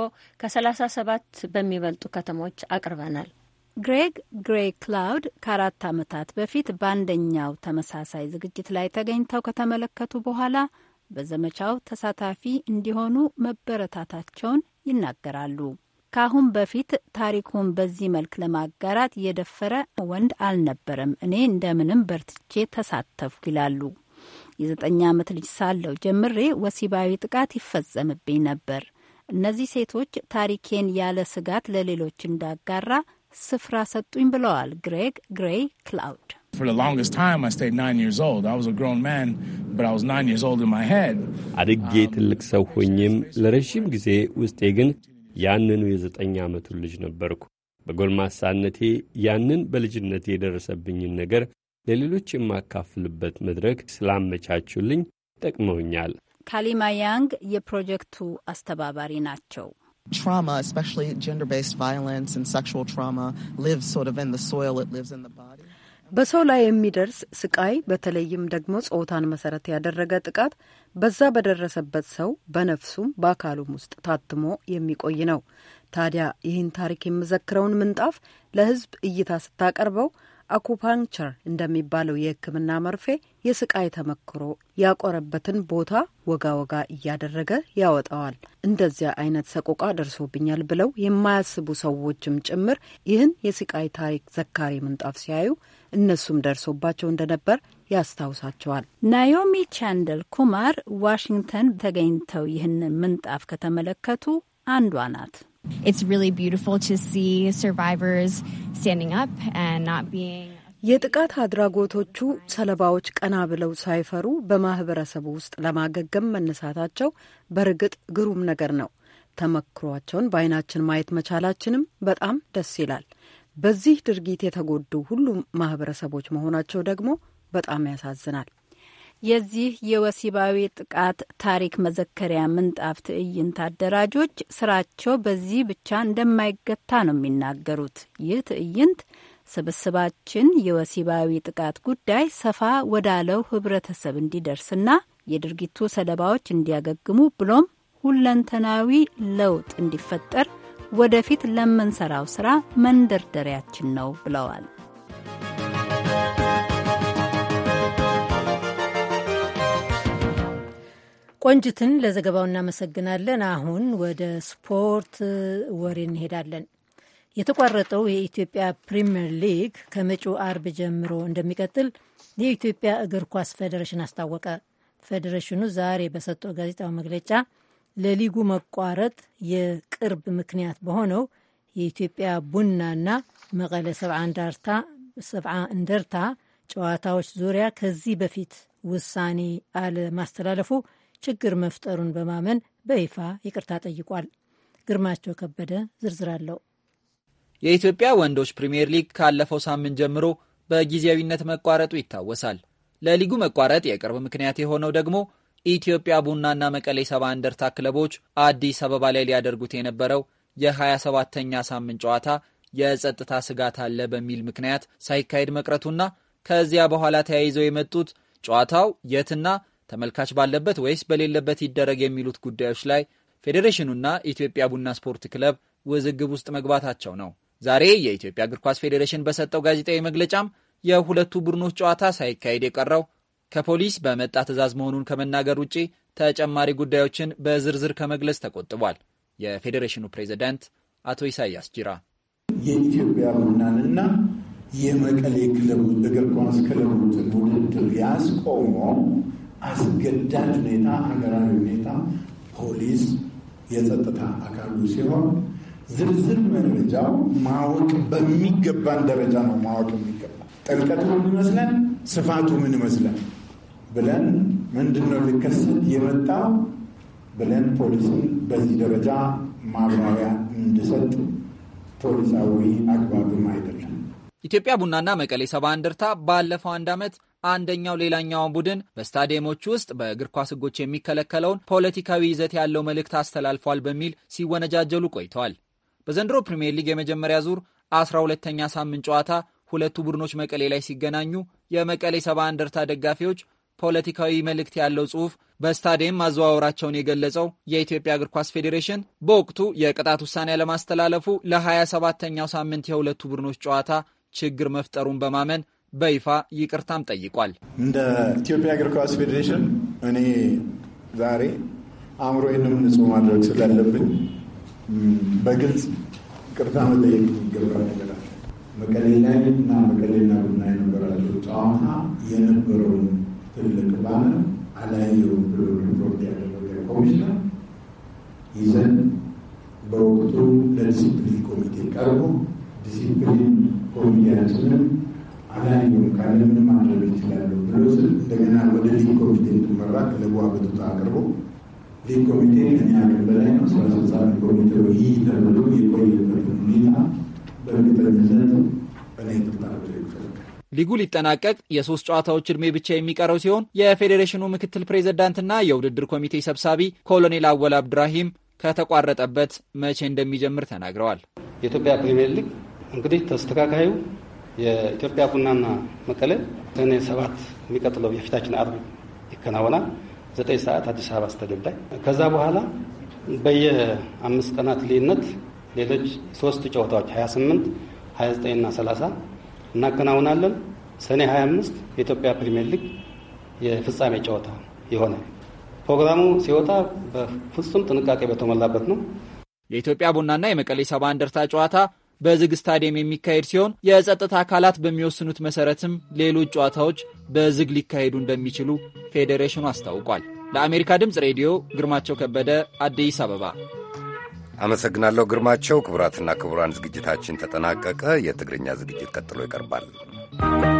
ከሰላሳ ሰባት በሚበልጡ ከተሞች አቅርበናል። ግሬግ ግሬ ክላውድ ከአራት ዓመታት በፊት በአንደኛው ተመሳሳይ ዝግጅት ላይ ተገኝተው ከተመለከቱ በኋላ በዘመቻው ተሳታፊ እንዲሆኑ መበረታታቸውን ይናገራሉ። ከአሁን በፊት ታሪኩን በዚህ መልክ ለማጋራት የደፈረ ወንድ አልነበረም። እኔ እንደምንም በርትቼ ተሳተፉ ይላሉ። የዘጠኝ ዓመት ልጅ ሳለው ጀምሬ ወሲባዊ ጥቃት ይፈጸምብኝ ነበር። እነዚህ ሴቶች ታሪኬን ያለ ስጋት ለሌሎች እንዳጋራ ስፍራ ሰጡኝ ብለዋል ግሬግ ግሬይ ክላውድ አድጌ ትልቅ ሰው ሆኜም ለረዥም ጊዜ ውስጤ ግን ያንኑ የዘጠኝ ዓመቱ ልጅ ነበርኩ። በጎልማሳነቴ ያንን በልጅነቴ የደረሰብኝን ነገር ለሌሎች የማካፍልበት መድረክ ስላመቻቹልኝ ጠቅመውኛል። ካሊማ ያንግ የፕሮጀክቱ አስተባባሪ ናቸው። ትራማ especially gender-based violence and sexual ትራማ lives sort of in the soil, it በሰው ላይ የሚደርስ ስቃይ በተለይም ደግሞ ጾታን መሰረት ያደረገ ጥቃት በዛ በደረሰበት ሰው በነፍሱም በአካሉም ውስጥ ታትሞ የሚቆይ ነው። ታዲያ ይህን ታሪክ የምዘክረውን ምንጣፍ ለሕዝብ እይታ ስታቀርበው አኩፓንክቸር እንደሚባለው የሕክምና መርፌ የስቃይ ተመክሮ ያቆረበትን ቦታ ወጋ ወጋ እያደረገ ያወጣዋል። እንደዚያ አይነት ሰቆቃ ደርሶብኛል ብለው የማያስቡ ሰዎችም ጭምር ይህን የስቃይ ታሪክ ዘካሪ ምንጣፍ ሲያዩ እነሱም ደርሶባቸው እንደነበር ያስታውሳቸዋል። ናዮሚ ቻንደል ኩማር ዋሽንግተን ተገኝተው ይህንን ምንጣፍ ከተመለከቱ አንዷ ናት። የጥቃት አድራጎቶቹ ሰለባዎች ቀና ብለው ሳይፈሩ በማህበረሰቡ ውስጥ ለማገገም መነሳታቸው በእርግጥ ግሩም ነገር ነው። ተመክሯቸውን በአይናችን ማየት መቻላችንም በጣም ደስ ይላል። በዚህ ድርጊት የተጎዱ ሁሉም ማህበረሰቦች መሆናቸው ደግሞ በጣም ያሳዝናል። የዚህ የወሲባዊ ጥቃት ታሪክ መዘከሪያ ምንጣፍ ትዕይንት አደራጆች ስራቸው በዚህ ብቻ እንደማይገታ ነው የሚናገሩት። ይህ ትዕይንት ስብስባችን የወሲባዊ ጥቃት ጉዳይ ሰፋ ወዳለው ህብረተሰብ እንዲደርስና የድርጊቱ ሰለባዎች እንዲያገግሙ ብሎም ሁለንተናዊ ለውጥ እንዲፈጠር ወደፊት ለምንሰራው ስራ መንደርደሪያችን ነው ብለዋል። ቆንጅትን ለዘገባው እናመሰግናለን። አሁን ወደ ስፖርት ወሬ እንሄዳለን። የተቋረጠው የኢትዮጵያ ፕሪምየር ሊግ ከመጪው አርብ ጀምሮ እንደሚቀጥል የኢትዮጵያ እግር ኳስ ፌዴሬሽን አስታወቀ። ፌዴሬሽኑ ዛሬ በሰጠው ጋዜጣዊ መግለጫ ለሊጉ መቋረጥ የቅርብ ምክንያት በሆነው የኢትዮጵያ ቡናና መቀለ ሰብዓ እንደርታ ጨዋታዎች ዙሪያ ከዚህ በፊት ውሳኔ አለማስተላለፉ ችግር መፍጠሩን በማመን በይፋ ይቅርታ ጠይቋል። ግርማቸው ከበደ ዝርዝር አለው። የኢትዮጵያ ወንዶች ፕሪምየር ሊግ ካለፈው ሳምንት ጀምሮ በጊዜያዊነት መቋረጡ ይታወሳል። ለሊጉ መቋረጥ የቅርብ ምክንያት የሆነው ደግሞ ኢትዮጵያ ቡናና መቀሌ ሰባ እንደርታ ክለቦች አዲስ አበባ ላይ ሊያደርጉት የነበረው የ27ተኛ ሳምንት ጨዋታ የጸጥታ ስጋት አለ በሚል ምክንያት ሳይካሄድ መቅረቱና ከዚያ በኋላ ተያይዘው የመጡት ጨዋታው የትና ተመልካች ባለበት ወይስ በሌለበት ይደረግ የሚሉት ጉዳዮች ላይ ፌዴሬሽኑና ኢትዮጵያ ቡና ስፖርት ክለብ ውዝግብ ውስጥ መግባታቸው ነው። ዛሬ የኢትዮጵያ እግር ኳስ ፌዴሬሽን በሰጠው ጋዜጣዊ መግለጫም የሁለቱ ቡድኖች ጨዋታ ሳይካሄድ የቀረው ከፖሊስ በመጣ ትዕዛዝ መሆኑን ከመናገር ውጪ ተጨማሪ ጉዳዮችን በዝርዝር ከመግለጽ ተቆጥቧል። የፌዴሬሽኑ ፕሬዚዳንት አቶ ኢሳያስ ጂራ የኢትዮጵያ ቡናንና የመቀሌ ክለቡን እግር ኳስ ክለቡትን ውድድር ያስቆመው አስገዳጅ ሁኔታ ሀገራዊ ሁኔታ ፖሊስ የጸጥታ አካሉ ሲሆን ዝርዝር መረጃው ማወቅ በሚገባን ደረጃ ነው ማወቅ የሚገባ ጥልቀቱ ምን ይመስላል፣ ስፋቱ ምን ይመስላል ብለን ምንድነው ሊከሰት የመጣው ብለን ፖሊስን በዚህ ደረጃ ማብራሪያ እንድሰጥ ፖሊሳዊ አግባብም አይደለም። ኢትዮጵያ ቡናና መቀሌ ሰባ እንደርታ ባለፈው አንድ ዓመት አንደኛው ሌላኛውን ቡድን በስታዲየሞች ውስጥ በእግር ኳስ ሕጎች የሚከለከለውን ፖለቲካዊ ይዘት ያለው መልእክት አስተላልፏል በሚል ሲወነጃጀሉ ቆይተዋል። በዘንድሮ ፕሪምየር ሊግ የመጀመሪያ ዙር አስራ ሁለተኛ ሳምንት ጨዋታ ሁለቱ ቡድኖች መቀሌ ላይ ሲገናኙ የመቀሌ ሰባ እንደርታ ደጋፊዎች ፖለቲካዊ መልእክት ያለው ጽሑፍ በስታዲየም ማዘዋወራቸውን የገለጸው የኢትዮጵያ እግር ኳስ ፌዴሬሽን በወቅቱ የቅጣት ውሳኔ ለማስተላለፉ ለ27ኛው ሳምንት የሁለቱ ቡድኖች ጨዋታ ችግር መፍጠሩን በማመን በይፋ ይቅርታም ጠይቋል። እንደ ኢትዮጵያ እግር ኳስ ፌዴሬሽን እኔ ዛሬ አእምሮዬንም ንጹህ ማድረግ ስላለብኝ በግልጽ ቅርታ መጠየቅ ይገባል። መቀሌ ላይ እና መቀሌና ቡና የነበራቸው ጨዋታ የነበረውን ትልቅ ባነር አላየው ብሎ ሪፖርት ያደረገ ኮሚሽነር ይዘን በወቅቱ ለዲሲፕሊን ኮሚቴ ቀርቦ ዲሲፕሊን ኮሚቴያችንን አላየውም ካለ ምን ማድረግ ይችላሉ ብሎ ስል እንደገና ወደ ሊግ ኮሚቴ እንድመራ ክለቡ አቤቱታ አቅርቦ ሊግ ኮሚቴ እኔ አቅም በላይ ነው ስራ አስፈጻሚ ኮሚቴው ይህ ተብሎ የቆየበትን ሁኔታ በእርግጠኝነት እኔ ቅጣ ይፈልጋል ሊጉ ሊጠናቀቅ የሶስት ጨዋታዎች እድሜ ብቻ የሚቀረው ሲሆን የፌዴሬሽኑ ምክትል ፕሬዝዳንትና የውድድር ኮሚቴ ሰብሳቢ ኮሎኔል አወል አብድራሂም ከተቋረጠበት መቼ እንደሚጀምር ተናግረዋል። የኢትዮጵያ ፕሪምየር ሊግ እንግዲህ ተስተካካዩ የኢትዮጵያ ቡናና መቀሌ ሰኔ ሰባት የሚቀጥለው የፊታችን አርብ ይከናወናል። ዘጠኝ ሰዓት አዲስ አበባ ስታዲየም ላይ። ከዛ በኋላ በየአምስት ቀናት ልዩነት ሌሎች ሶስት ጨዋታዎች 28፣ 29ና 30 እናከናውናለን። ሰኔ 25 የኢትዮጵያ ፕሪሚየር ሊግ የፍጻሜ ጨዋታ ይሆናል። ፕሮግራሙ ሲወጣ በፍጹም ጥንቃቄ በተሞላበት ነው። የኢትዮጵያ ቡናና የመቀሌ ሰባ እንደርታ ጨዋታ በዝግ ስታዲየም የሚካሄድ ሲሆን የጸጥታ አካላት በሚወስኑት መሰረትም ሌሎች ጨዋታዎች በዝግ ሊካሄዱ እንደሚችሉ ፌዴሬሽኑ አስታውቋል። ለአሜሪካ ድምፅ ሬዲዮ ግርማቸው ከበደ አዲስ አበባ አመሰግናለሁ ግርማቸው። ክቡራትና ክቡራን ዝግጅታችን ተጠናቀቀ። የትግርኛ ዝግጅት ቀጥሎ ይቀርባል።